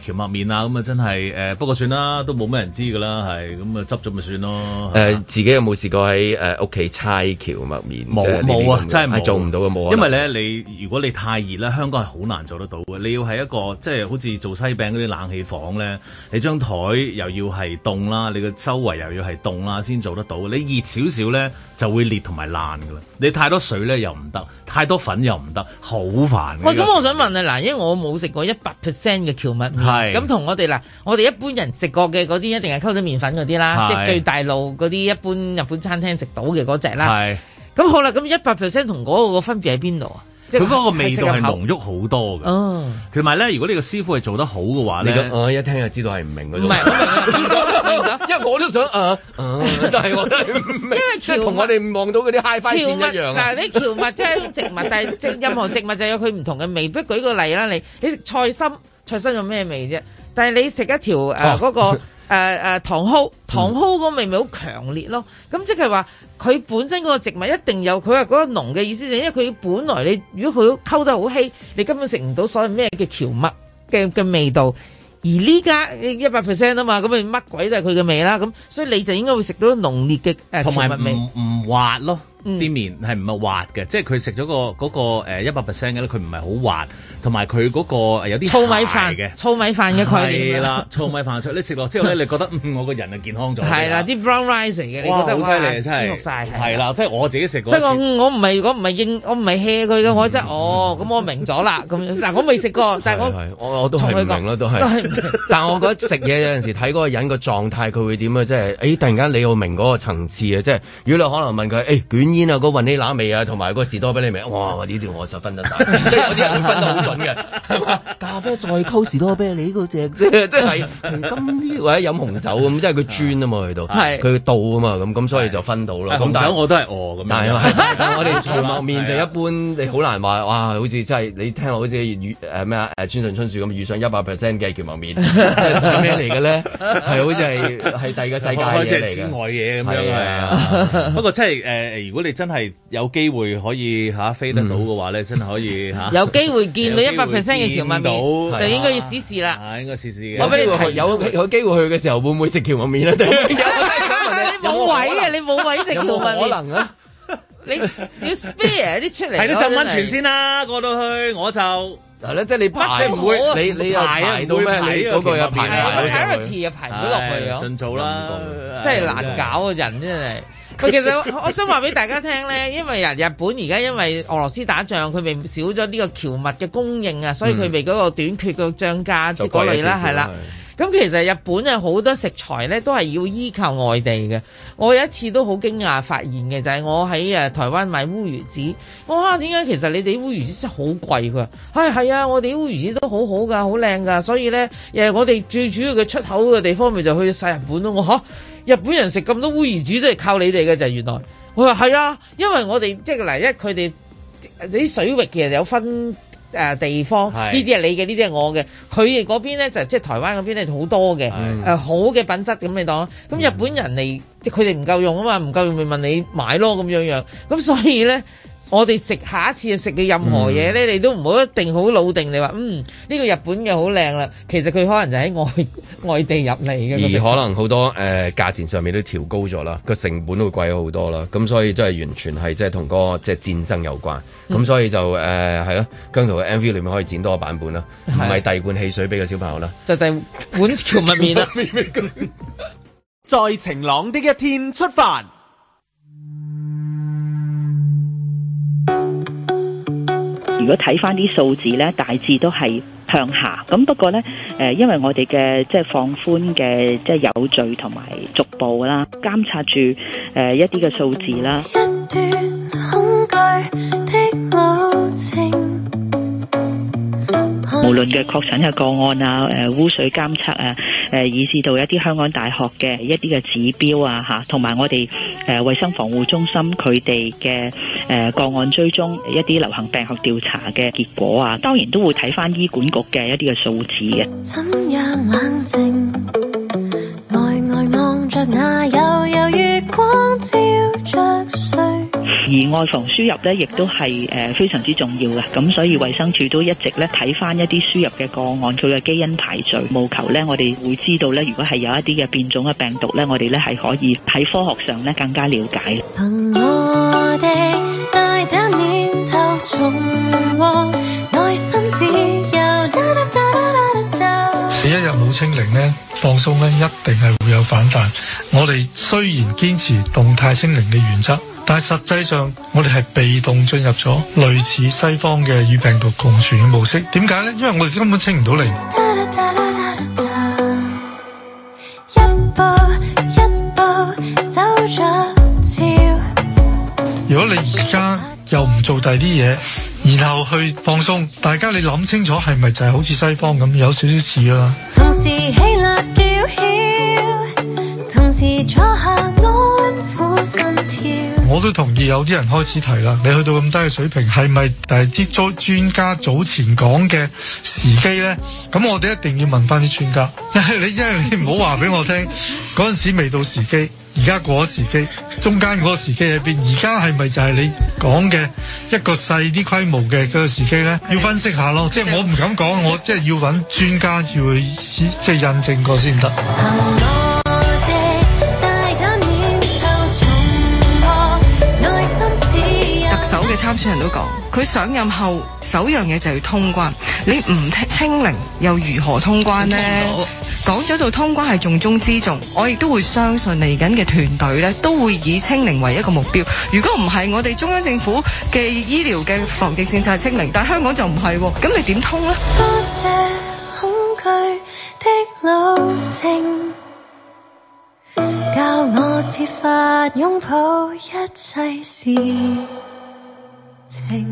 蕎麥麵啊，咁、嗯、啊真係誒、呃、不過算啦，都冇咩人知㗎啦，係咁啊執咗咪算咯。誒自己有冇試過喺誒屋企猜蕎麥麵？冇冇啊，真係冇，係做唔到嘅冇。啊，因為咧你如果你太熱咧，香港係好難做得到嘅。你要喺一個即係好似做西餅嗰啲冷氣房咧，你張枱又要係凍啦，你個周圍又要係凍啦，先做得到。你熱少少咧就會裂同埋爛㗎啦。你太多水咧又唔得，太多粉又唔得，好煩。喂、啊，咁我想問你嗱，因為我冇食過一百。嘅蕎物，咁同是我哋嗱，我哋一般人食過嘅嗰啲一定係溝咗麵粉嗰啲啦，是即係最大路嗰啲一般日本餐廳食到嘅嗰隻啦。咁是好啦，咁一百 percent 同嗰個分別喺邊度啊？佢嗰個味道係濃郁好多嘅，同埋咧。如果呢個師傅係做得好嘅話，你我、呃、一聽就知道係唔明嗰種。 因為我都想啊，呃呃、 但係我明，因為同我哋望到嗰啲 high 一樣啊。嗱，你喬物即係植物，但係任何植物就有佢唔同嘅味。不如舉個例啦，你你食菜心，菜心有咩味啫？但係你食一條誒嗰、呃啊嗰個。誒誒，糖蒿，糖蒿嗰味咪好強烈咯，咁、嗯、即係話佢本身嗰個植物一定有佢話嗰個濃嘅意思，就因為佢本來你如果佢溝得好稀，你根本食唔到所謂咩嘅蕎麥嘅嘅味道，而呢家一百 percent 啊嘛，咁咪乜鬼都係佢嘅味啦，咁所以你就應該會食到濃烈嘅誒，同埋麥味，唔滑咯。呃呃呃呃呃呃啲麵係唔係滑嘅？即係佢食咗個嗰個一百 percent 嘅咧，佢唔係好滑，同埋佢嗰個有啲糙米飯嘅糙米飯嘅概念啦。糙米飯出你食落之後咧，你覺得我個人啊健康咗。係啦，啲 brown rice 嘅，你覺得好犀利，真係。係啦，即係我自己食。所以我我唔係如果唔係應我唔係 hea 佢嘅，我真係哦，咁我明咗啦，咁嗱我未食過，但我我都係唔明咯，都係。但我覺得食嘢有陣時睇嗰個人個狀態，佢會點啊？即係誒突然間你要明嗰個層次啊！即係如果你可能問佢誒卷。啊，個雲尼拿味啊，同埋個士多啤梨味，哇！呢條我十分得膽，即係有啲人分得好準嘅，咖啡再溝士多啤梨嗰隻啫，即係同金呢或者飲紅酒咁，即係佢專啊嘛，佢度佢到啊嘛，咁咁所以就分到啦。紅酒我都係餓咁，但係我哋蕎麥麵就一般，你好難話哇，好似真係你聽落好似遇咩啊誒，村上春樹咁遇上一百 percent 嘅蕎麥麵，即係咩嚟嘅咧？係好似係係第二個世界嘅嘢嚟之外嘢咁樣係啊。不過即係誒，如果你真係有機會可以嚇飛得到嘅話咧，真係可以嚇有機會見到一百 percent 嘅條紋麵，就應該要試試啦。啊，應該試試嘅。我俾你睇，有有機會去嘅時候，會唔會食條紋麵啊？你冇位嘅，你冇位食條紋麵，冇可能啊！你要 spare 啲出嚟，喺度浸溫泉先啦。過到去我就嗱咧，即係你排，即係唔會你你又排唔到咩？嗰個入邊啊，priority 啊，排唔到落去啊！盡早啦，即係難搞嘅人真係。佢 其實，我想話俾大家聽咧，因為日本而家因為俄羅斯打仗，佢未少咗呢個蕎麥嘅供應啊，所以佢未嗰個短缺嘅漲價之類啦，係啦、嗯。咁的、嗯、其實日本啊好多食材咧都係要依靠外地嘅。我有一次都好驚訝發現嘅就係、是、我喺啊台灣買烏魚子，我嚇點解其實你哋烏魚子真係好貴？佢、哎、話，唉係啊，我哋烏魚子都好好噶，好靚噶，所以咧，誒我哋最主要嘅出口嘅地方咪就去曬日本咯，我日本人食咁多烏魚子都係靠你哋嘅就係原來，佢話係啊，因為我哋即係嗱一佢哋啲水域其實有分誒地方，呢啲係你嘅，呢啲係我嘅，佢哋嗰邊咧就即係台灣嗰邊咧好多嘅誒好嘅品質咁你當，咁、嗯、日本人嚟，即佢哋唔夠用啊嘛，唔夠用咪問你買咯咁樣樣，咁所以咧。我哋食下一次食嘅任何嘢咧，嗯、你都唔好一定好老定。你話嗯呢、這個日本嘅好靚啦，其實佢可能就喺外外地入嚟，而可能好多誒價、呃、錢上面都調高咗啦，個成本都會貴咗好多啦。咁所以都係完全係即係同、那個即係戰爭有關。咁所以就誒係咯，姜濤嘅 MV 裏面可以剪多個版本啦，唔係第二罐汽水俾個小朋友啦，啊、就第二碗蕎麥麵啦。 再晴朗啲嘅一天出發。如果睇翻啲數字呢，大致都係向下。咁不過呢，誒、呃，因為我哋嘅、呃、即係放寬嘅即係有序同埋逐步啦，監察住誒、呃、一啲嘅數字啦。無論嘅確診嘅個案啊，誒污水監測啊，誒以至到一啲香港大學嘅一啲嘅指標啊，嚇，同埋我哋誒衛生防護中心佢哋嘅誒個案追蹤一啲流行病學調查嘅結果啊，當然都會睇返醫管局嘅一啲嘅數字啊。而外防輸入咧，亦都係誒非常之重要嘅。咁所以衞生署都一直咧睇翻一啲輸入嘅個案，佢嘅基因排序，務求咧我哋會知道咧，如果係有一啲嘅變種嘅病毒咧，我哋咧係可以喺科學上咧更加了解。你一日冇清零咧，放鬆咧，一定係會有反彈。我哋雖然堅持動態清零嘅原則。但係實際上，我哋係被動進入咗類似西方嘅與病毒共存嘅模式。點解呢？因為我哋根本清唔到嚟。如果你而家又唔做第啲嘢，然後去放鬆，大家你諗清楚係咪就係好似西方咁有少少似啦？同時起立叫囂，同時坐下安撫心跳。我都同意有啲人開始提啦，你去到咁低嘅水平，係咪，但係啲專家早前講嘅時機呢，咁我哋一定要問翻啲專家，你因為，你唔好話俾我聽，嗰陣時未到時機，而家過咗時機，中間嗰個時機喺邊？而家係咪就係你講嘅一個細啲規模嘅嗰個時機呢？要分析下咯，即係我唔敢講，我即係要揾專家要去，即係印證過先得。參選人都講，佢上任後首樣嘢就要通關，你唔清零又如何通關呢？講咗做通關係重中之重，我亦都會相信嚟緊嘅團隊呢都會以清零為一個目標。如果唔係，我哋中央政府嘅醫療嘅防疫政策係清零，但香港就唔係，咁你點通呢？多謝恐懼的路程，教我設法擁抱一切事。林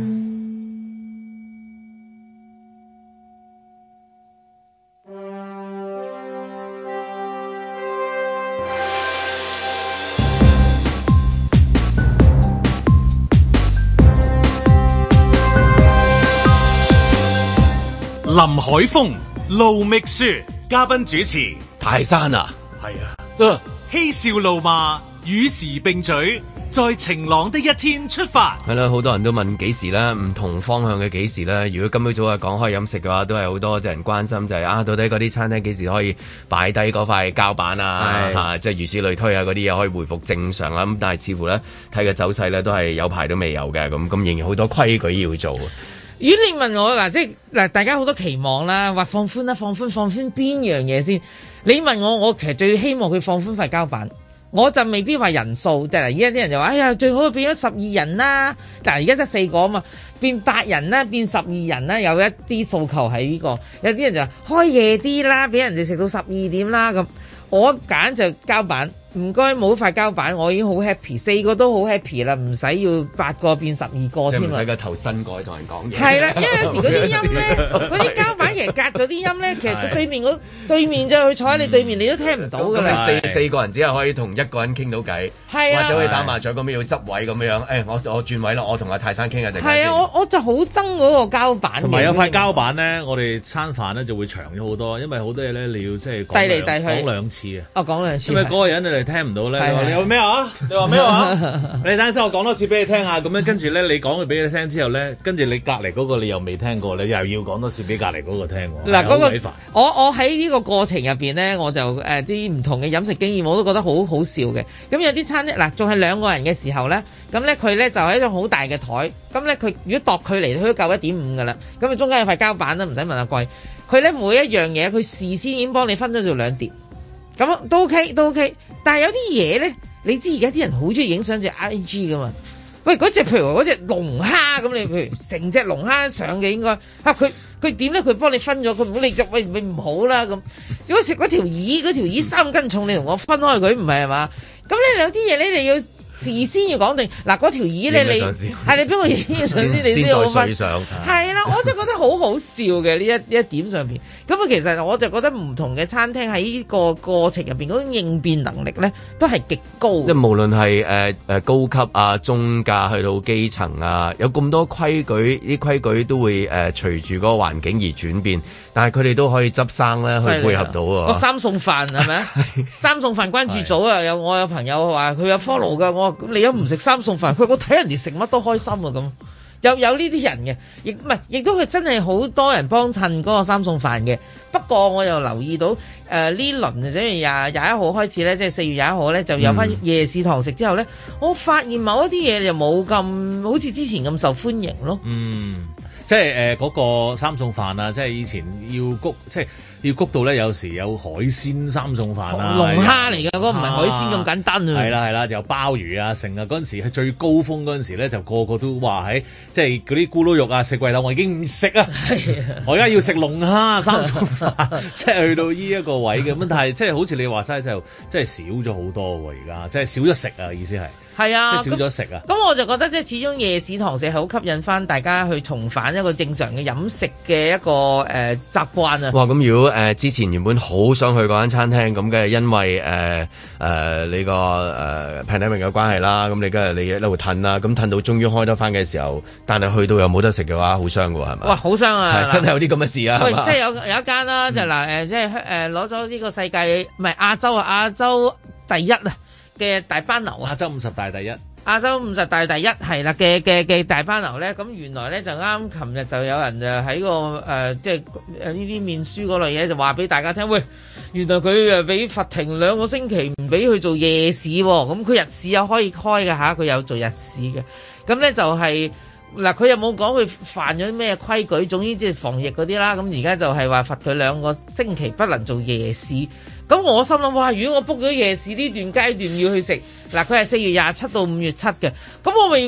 海峰、盧覓雪嘉賓主持，泰山啊，係啊，uh, 嬉笑怒罵與時並舉。在晴朗的一天出發，係啦，好 多人都問幾時啦，唔同方向嘅幾時啦。如果今朝早啊講開飲食嘅話，都係好多啲人關心就係、是、啊，到底嗰啲餐廳幾時可以擺低嗰塊膠板啊？是啊即係如此類推啊，嗰啲嘢可以回復正常啊。咁但係似乎呢，睇嘅走勢呢，都係有排都未有嘅咁。咁仍然好多規矩要做。如果你問我嗱，即係嗱，大家好多期望啦，話放寬啦，放寬放寬邊樣嘢先？你問我，我其實最希望佢放寬塊膠板。我就未必話人數即係，而家啲人就話：哎呀，最好變咗十二人啦。但係而家得四個啊嘛，變八人啦，變十二人啦，有一啲訴求喺呢個。有啲人就話開夜啲啦，俾人哋食到十二點啦咁。我揀就膠板。唔該冇塊膠板，我已經好 happy，四個都好 happy 啦，唔使要八個變十二個添啊！唔使個頭伸過去同人講嘢。係啦，因為有時嗰啲音咧，嗰啲膠板其實隔咗啲音咧，其實對面個對面就去坐喺你對面，你都聽唔到㗎。係，四四個人只係可以同一個人傾到偈，或者可以打麻雀，咁樣要執位咁樣樣。我我轉位咯，我同阿泰山傾下。係啊，我我就好憎嗰個膠板嘅。同埋有塊膠板咧，我哋餐飯咧就會長咗好多，因為好多嘢咧你要即係遞嚟遞去，講兩次啊，講兩次。因人你聽唔到咧？是是你話咩啊？你話咩話？ 你等先，我講多次俾你聽啊？咁樣跟住咧，你講佢俾佢聽之後咧，跟住你隔籬嗰個你又未聽過，你又要講多次俾隔籬嗰個聽。嗱、那個，嗰個、嗯、我我喺呢個過程入邊咧，我就誒啲唔同嘅飲食經驗，我都覺得好好笑嘅。咁有啲餐咧，嗱，仲係兩個人嘅時候咧，咁咧佢咧就係、是、一張好大嘅台，咁咧佢如果度距離，佢都夠一點五噶啦。咁啊中間有塊膠板啦，唔使問阿貴，佢咧每一樣嘢，佢事先已經幫你分咗做兩碟。咁都 OK，都 OK，但係有啲嘢咧，你知而家啲人好中意影相只 IG 噶嘛？喂，嗰隻譬如嗰隻龍蝦咁，你譬如成隻龍蝦上嘅應該，吓佢佢點咧？佢幫你分咗，佢唔好你就喂，咪唔好啦咁。如果食嗰條魚，嗰條魚三斤重，你同我分開佢，唔係係嘛？咁咧有啲嘢咧，你要。事先要講定嗱，嗰條椅咧、哎，你係你邊個影相先？你先好分。係啦，我就係覺得好好笑嘅呢 一一點上邊。咁啊，其實我就覺得唔同嘅餐廳喺呢個過程入邊嗰種應變能力咧，都係極高。即係無論係誒、呃呃、高級啊、中價去到基層啊，有咁多規矩，啲規矩都會誒、呃、隨住嗰個環境而轉變。但係佢哋都可以執生咧，去配合到啊。個三餸飯係咪 三餸飯關注組啊， 的有我有朋友話佢有 follow 㗎， 我。咁你又唔食三餸飯，佢話我睇人哋食乜都開心啊！咁又有呢啲人嘅，亦唔係亦都佢真係好多人幫襯嗰個三餸飯嘅。不過我又留意到誒呢輪，即係廿廿一號開始咧，即係四月廿一號咧，就有翻夜市堂食之後咧，嗯、我發現某一啲嘢又冇咁好似之前咁受歡迎咯。嗯，即係誒嗰個三餸飯啊，即係以前要谷。即係。要谷到咧，有時有海鮮三餸飯啊，龍蝦嚟㗎，嗰個唔係海鮮咁簡單啊！係啦係啦，有鮑魚啊，成日嗰陣時係最高峰嗰陣時咧，就個個都話喺即係嗰啲咕嚕肉啊、食櫃鈴，我已經唔食啊， 我而家要食龍蝦三餸飯，即係 去到呢一個位嘅咁。但係即係好似你話齋就即係少咗好多喎，而家即係少咗食啊，意思係係啊，嗯、少咗食啊。咁、嗯、我就覺得即係始終夜市堂食好吸引翻大家去重返一個正常嘅飲食嘅一個誒習慣啊！哇，咁如果～誒、呃，之前原本好想去嗰間餐廳，咁嘅因為誒誒、呃呃，你個誒 pandemic 嘅關係啦，咁你嘅你一路褪啦，咁褪到終於開得翻嘅時候，但係去到又冇得食嘅話，好傷嘅係咪？哇，好傷啊！是嗯、真係有啲咁嘅事啊！喂吧即係有有一間啦、啊，就嗱誒、呃，即係誒，攞咗呢個世界唔係亞洲啊，亞洲第一啊嘅大班樓啊，亞洲五十大第一。亞洲五十大第一，係啦嘅嘅嘅大班樓咧，咁原來咧就啱，琴日就有人誒喺個誒、呃、即係誒呢啲面書嗰類嘢就話俾大家聽，喂，原來佢誒俾罰停兩個星期，唔俾去做夜市喎，咁、哦、佢日市又可以開嘅吓，佢有做日市嘅，咁、嗯、咧就係、是。嗱，佢又冇講佢犯咗咩規矩，總之即係防疫嗰啲啦。咁而家就係話罰佢兩個星期不能做夜市。咁我心諗哇，如果我 book 咗夜市呢段階段要去食，嗱，佢係四月廿七到五月七嘅，咁我咪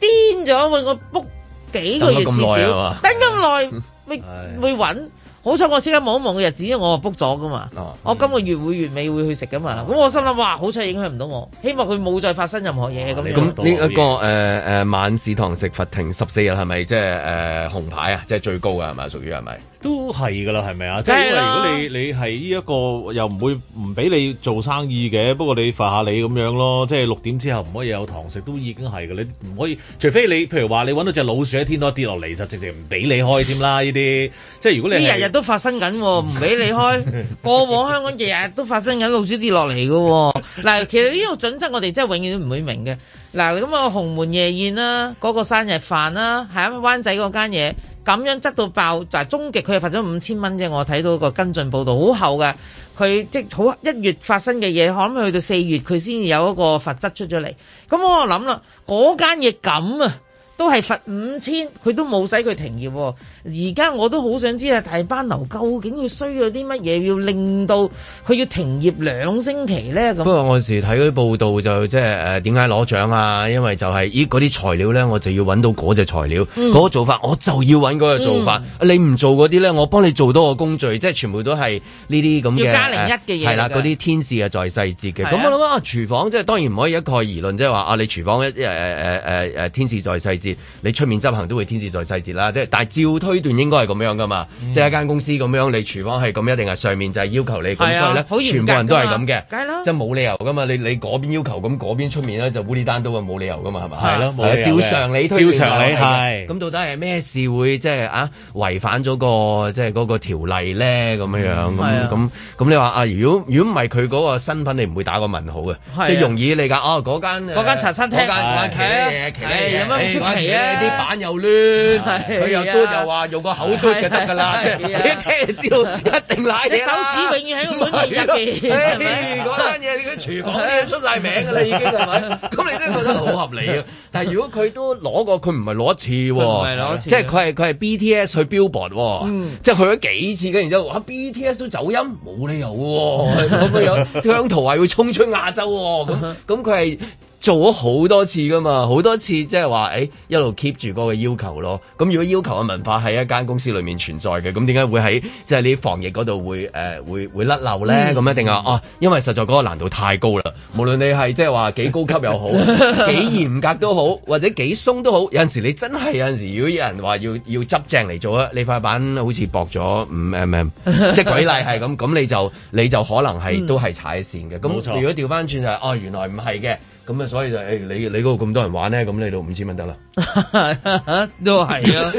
癲咗喎！我 book 幾個月至少等咁耐、啊，會會揾。好彩我先一望一望個日子，因為我話 book 咗噶嘛，哦嗯、我今個月會月尾會去食噶嘛，咁我心諗哇，好彩影響唔到我，希望佢冇再發生任何嘢咁。咁呢一個誒誒、呃呃、晚市堂食罰停十四日係咪即係誒紅牌啊？即係最高噶係咪？屬於係咪？都係噶啦，係咪啊？即係因為如果你你係呢一個又唔會唔俾你做生意嘅，不過你罰下你咁樣咯。即係六點之後唔可以有堂食，都已經係嘅。你唔可以，除非你譬如話你揾到隻老鼠喺天台跌落嚟，就直情唔俾你開添啦。呢啲即係如果你日日都發生緊，唔俾你開， 過往香港日日都發生緊老鼠跌落嚟嘅。嗱， 其實呢個準則我哋真係永遠都唔會明嘅。嗱，咁啊鴻門夜宴啦，嗰、嗰個生日飯啦，喺、那個、灣仔嗰間嘢。咁樣執到爆就係、是、終極，佢係罰咗五千蚊啫。我睇到個跟進報導好厚嘅，佢即係好一月發生嘅嘢，可唔可以去到四月佢先有一個罰則出咗嚟？咁我諗啦，嗰間嘢咁啊，都係罰五千，佢都冇使佢停業啊。而家我都好想知啊，大班樓究竟佢需要啲乜嘢，要令到佢要停業兩星期咧？咁不過我有時睇嗰啲報道就即係誒點解攞獎啊？因為就係咦嗰啲材料咧，我就要揾到嗰隻材料，嗯、個做法我就要揾嗰個做法。嗯、你唔做嗰啲咧，我幫你做多個工序，即、就、係、是、全部都係呢啲咁嘅。要加零一嘅嘢。係啦吧，嗰啲れ天使啊在細節嘅。咁、啊、我諗啊，廚房即係當然唔可以一概而論，即係話啊，你廚房一誒誒誒誒天使在細節、啊啊啊啊啊啊，你出面執行都會天使在細節啦。即係但係照推。呢段應該係咁樣噶嘛，即係一間公司咁樣，你廚房係咁，一定係上面就係要求你咁，所以咧，全部人都係咁嘅，即係冇理由噶嘛。你你嗰邊要求咁，嗰邊出面咧就烏哩單刀啊，冇理由噶嘛，係咪？係囉，照常理照常理推斷就係。咁到底係咩事會即係啊違反咗個即係嗰個條例咧咁樣樣咁咁咁？你話啊，如果如果唔係佢嗰個身份，你唔會打個問號嘅，即係容易你講哦嗰間嗰間茶餐廳，奇怪嘢奇怪嘢，有咩唔出奇啊？啲板又亂，佢又都就話。用個口對就得㗎啦，即係一聽就知道一定賴你、啊、手指永遠喺、 啊 個門入邊，嗰單嘢你啲廚房出晒名㗎啦， 已經係咪？咁你真係覺得好合理啊！但係如果佢都攞過，佢唔係攞一次喎、哦，一次即係佢係佢係 BTS 去 Billboard，、哦嗯、即係去咗幾次，跟然之後嚇、啊、BTS 都走音，冇理由喎咁樣。 有，a n g o 話要衝出亞洲喎、哦，咁咁佢係。做咗好多次噶嘛，好多次即係話誒，一路 keep 住嗰個要求咯。咁如果要求嘅文化喺一間公司裏面存在嘅，咁點解會喺即係你防疫嗰度會誒、呃、會會甩漏咧？咁一定啊哦，因為實在嗰個難度太高啦。無論你係即係話幾高級又好，幾嚴格都好，或者幾鬆都好，有陣時你真係有陣時，如果有人話要要執正嚟做啊，你塊板好似薄咗五 mm，、嗯嗯、即係舉例係咁，咁你就你就可能係都係踩線嘅。咁如果調翻轉就係、是、哦，原來唔係嘅。咁啊，所以就誒你你嗰度咁多人玩咧，咁你度五千蚊得啦，都係啊，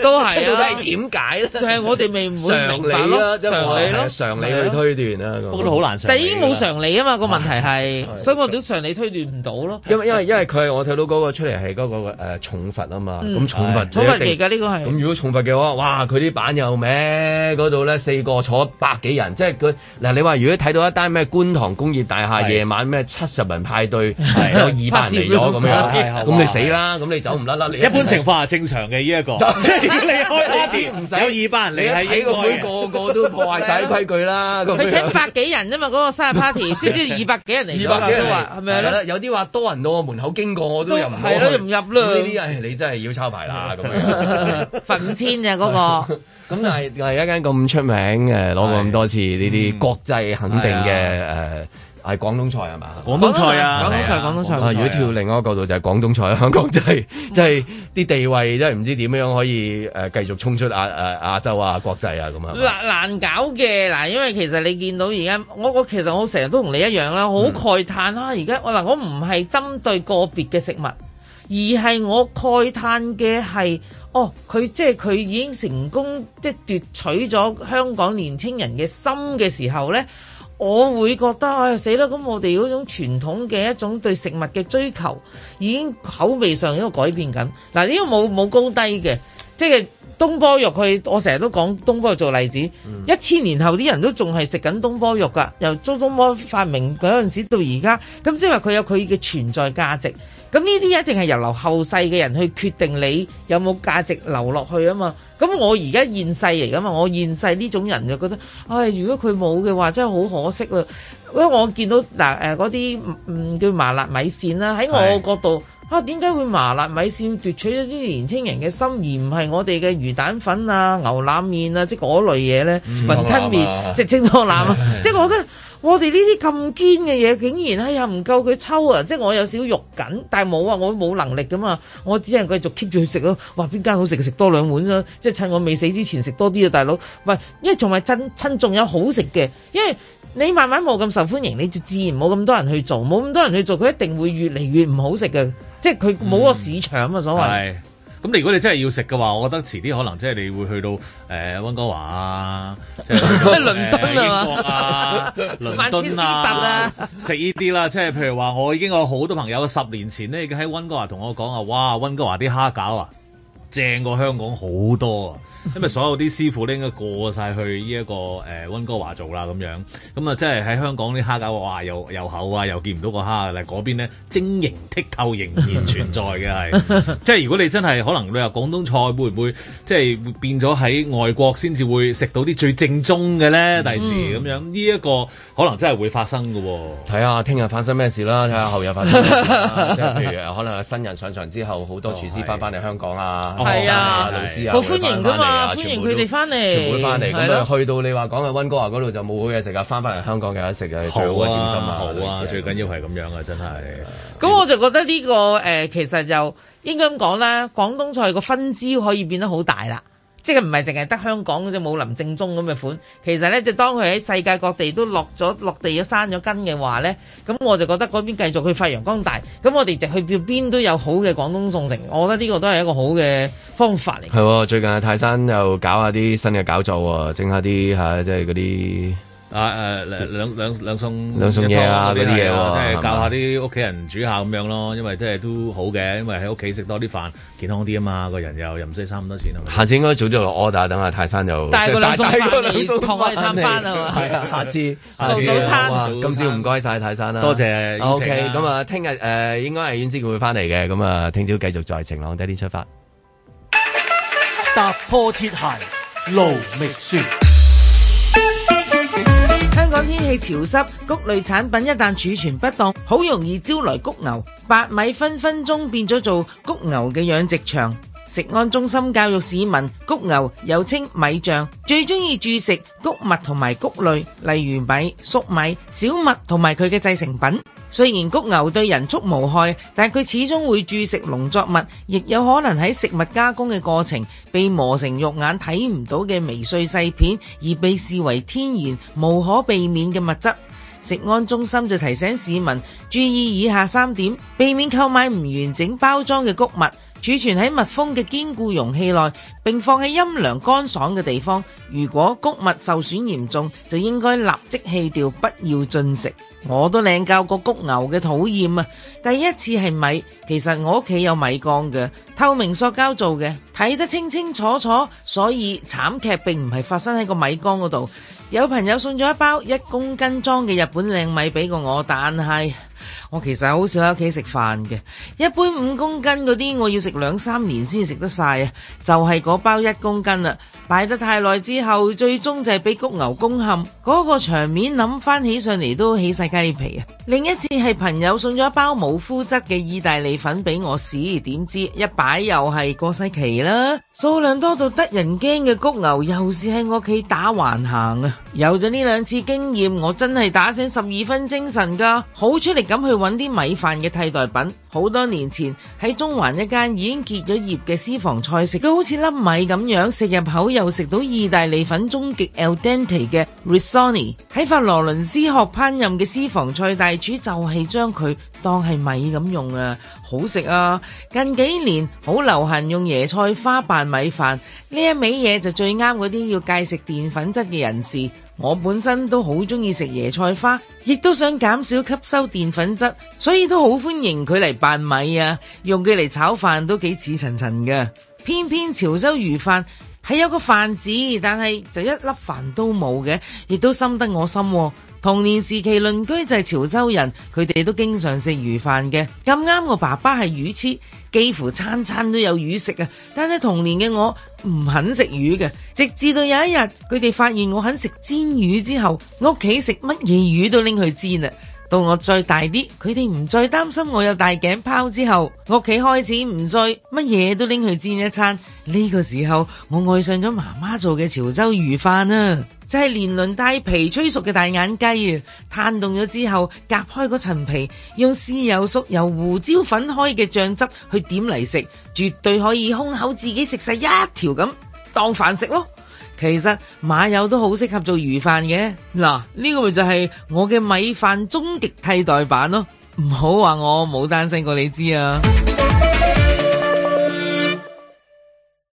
都係啊，點解咧？就係我哋未唔會明白咯，常理咯，常理去推斷啦，咁都好難。但係冇常理啊嘛，個問題係，所以我都常理推斷唔到咯。因為因為因為佢係我睇到嗰個出嚟係嗰個誒重罰啊嘛，咁重罰重罰嚟㗎呢個係。咁如果重罰嘅話，哇！佢啲版又咩？嗰度咧四個坐百幾人，即係佢嗱。你話如果睇到一單咩觀塘工業大廈夜晚咩七十人派。對，有二百人嚟咗咁樣，咁你死啦！咁你走唔甩啦。你。一般情況係正常嘅呢一個，你開 party 唔使有二百人嚟，睇個會個個都破壞晒規矩啦。佢請百幾人啫嘛，嗰個生日 party，即二百幾人嚟。二百幾人係咪有啲話多人到我門口經過，我都入唔入。係入唔入啦？呢啲你真係要抄牌啦！咁樣罰五千嘅嗰個。咁但係我係一間咁出名嘅，攞過咁多次呢啲國際肯定嘅誒。係廣東菜係嘛？廣東菜啊，廣東菜，廣東菜。如果跳到另一個角度，就係廣東菜喺香港真係真係啲地位真係唔知點樣可以誒繼續衝出亞亞亞洲啊國際啊咁啊。嗱，難難搞嘅。嗱，因為其實你見到而家我我其實我成日都同你一樣啦，好慨嘆啊。而家我嗱，我唔係針對個別嘅食物，而係我慨嘆嘅係，哦佢即係佢已經成功即係奪取咗香港年青人嘅心嘅時候咧。我會覺得唉、哎、死啦！咁我哋嗰種傳統嘅一種對食物嘅追求，已經口味上一個改變緊。嗱呢、這個冇冇高低嘅，即係東坡肉。佢我成日都講東坡肉做例子，嗯、一千年後啲人都仲係食緊東坡肉㗎。由蘇東坡發明嗰陣時到而家，咁即係話佢有佢嘅存在價值。咁呢啲一定係由留後世嘅人去決定你有冇價值留落去啊嘛。咁我而家現世嚟㗎嘛，我現世呢種人就覺得，唉，如果佢冇嘅話，真係好可惜啦。因為我見到嗱誒嗰啲嗯叫麻辣米線啦，喺我角度。啊，點解會麻辣米線奪取咗啲年青人嘅心，而唔係我哋嘅魚蛋粉啊、牛腩麵啊，即係嗰類嘢咧？雲吞、啊、麵、直情清湯腩啊， 即係我覺得我哋呢啲咁堅嘅嘢，竟然哎呀唔夠佢抽啊！即係我有少少肉緊，但係冇啊，我冇能力㗎嘛，我只能繼續 keep 住去食咯、啊。話邊間好食食多兩碗啫、啊，即係趁我未死之前食多啲啊，大佬。喂，因為同埋趁、趁仲有好食嘅，因為你慢慢冇咁受歡迎，你就自然冇咁多人去做，冇咁多人去做，佢一定會越嚟越唔好食嘅。即係佢冇個市場啊、嗯、所謂。係，咁你如果你真係要食嘅話，我覺得遲啲可能即係你會去到誒温哥華啊，即係倫敦啊，英國啊，倫敦啊， 食呢啲啦。即係譬如話，我已經有好多朋友十年前咧，已經喺温哥華同我講啊，哇，温哥華啲蝦餃啊，正過香港好多啊！因為所有啲師傅咧，應該過晒去呢一個誒温哥華做啦，咁樣，咁啊真係喺香港啲蝦餃哇，又又厚啊，又見唔到個蝦嘅咧，嗰邊咧晶瑩剔透仍然存在嘅係，即係如果你真係可能旅遊廣東菜會唔會即係變咗喺外國先至會食到啲最正宗嘅咧？第時咁樣呢一個可能真係會發生嘅喎。睇下聽日發生咩事啦，睇下後日發生咩事，即係譬如可能新人上場之後，好多廚師翻返嚟香港啊，老師啊，好歡迎㗎嘛～啊、歡迎佢哋翻嚟，全部翻嚟。咁啊，的去到你話講嘅温哥華嗰度就冇好嘢食啊，翻返嚟香港有得食，係最好嘅點心好啊，最緊要係咁樣啊，樣真係。咁、嗯、我就覺得呢、呢個誒、呃，其實就應該咁講啦，廣東菜個分支可以變得好大啦。即係唔係淨係得香港嗰啲武林正宗咁嘅款，其實呢，就是、當佢喺世界各地都落咗落地咗生咗根嘅話呢，咁我就覺得嗰邊繼續去發揚光大，咁我哋就去邊都有好嘅廣東餸食，我覺得呢個都係一個好嘅方法嚟。係喎，最近喺泰山又搞下啲新嘅搞作喎，整下啲嚇，即係嗰啲。就是啊誒兩兩兩送兩送嘢啊，嗰啲嘢即係教下啲屋企人煮下咁樣咯，因為即係都好嘅，因為喺屋企食多啲飯健康啲啊嘛，個人又又唔使花咁多錢啊。下次應該早啲落 order。等下泰山又帶個兩送飯，送托可以攤翻啊嘛。下次做早餐，今朝唔該晒泰山啦，多謝。O K，咁啊，聽日誒應該係遠志會翻嚟嘅，咁啊聽朝繼續在晴朗的一天出發，踏破鐵鞋路未絕。潮濕穀類產品一旦儲存不當，好容易招來穀牛，白米分分鐘變咗做穀牛嘅養殖場。食安中心教育市民，穀牛又稱米象，最中意注食穀物同埋穀類，例如米、粟米、小麥同埋佢嘅製成品。雖然穀牛對人畜無害，但佢始終會注食農作物，亦有可能喺食物加工嘅過程被磨成肉眼睇唔到嘅微碎細片，而被視為天然無可避免嘅物質。食安中心就提醒市民注意以下三點，避免購買唔完整包裝嘅穀物。儲存喺密封嘅堅固容器內，並放喺陰涼乾爽嘅地方。如果谷物受損嚴重，就應該立即棄掉，不要進食。我都領教過谷牛嘅討厭啊！第一次係米，其實我屋企有米缸嘅，透明塑膠做嘅，睇得清清楚楚，所以慘劇並唔係發生喺個米缸嗰度。有朋友送咗一包一公斤裝嘅日本靚米俾過我，但係，我其實好少喺屋企食飯嘅，一般五公斤嗰啲我要食兩三年先食得晒啊！就係嗰包一公斤啦，擺得太耐之後，最終就係俾谷牛攻陷。嗰個場面諗翻起上嚟都起晒雞皮啊！另一次係朋友送咗一包冇麩質嘅意大利粉俾我試，點知一擺又係過世期啦。數量多到得人驚嘅谷牛，又是喺我屋企打橫行啊！有咗呢兩次經驗，我真係打醒十二分精神噶，好出力咁。去揾啲米飯嘅替代品，好多年前喺中環一間已經結咗業嘅私房菜食，佢好似粒米咁樣食入口又食到意大利粉終極 al dente 嘅 risoni，喺佛羅倫斯學烹飪嘅私房菜大廚就係將佢當係米咁用啊，好食啊！近幾年好流行用椰菜花扮米飯，呢一味嘢就最啱嗰啲要戒食澱粉質嘅人士。我本身都好中意食椰菜花，亦都想減少吸收澱粉質，所以都好歡迎佢嚟扮米啊，用佢嚟炒飯都幾似塵塵嘅。偏偏潮州魚飯係有個飯字，但係就一粒飯都冇嘅，亦都深得我心啊。童年時期鄰居就係潮州人，佢哋都經常食魚飯嘅。咁啱我爸爸係魚痴，幾乎餐餐都有魚食啊。但係童年嘅我。唔肯食魚嘅，直至到有一日，佢哋發現我肯食煎魚之後，屋企食乜嘢魚都拎去煎啦。到我再大啲，佢哋唔再擔心我有大頸泡之後，屋企開始唔再乜嘢都拎去煎一餐。呢個時候，我愛上咗媽媽做嘅潮州魚飯啦。就係連輪帶皮炊熟嘅大眼雞啊！攤凍咗之後，夾開個層皮，用豉油、熟油、胡椒粉開嘅醬汁去點嚟食，絕對可以空口自己食晒一條咁當飯食咯。其實馬友都好適合做魚飯嘅嗱，呢個咪就係我嘅米飯終極替代版咯。唔好話我冇擔心過你知啊。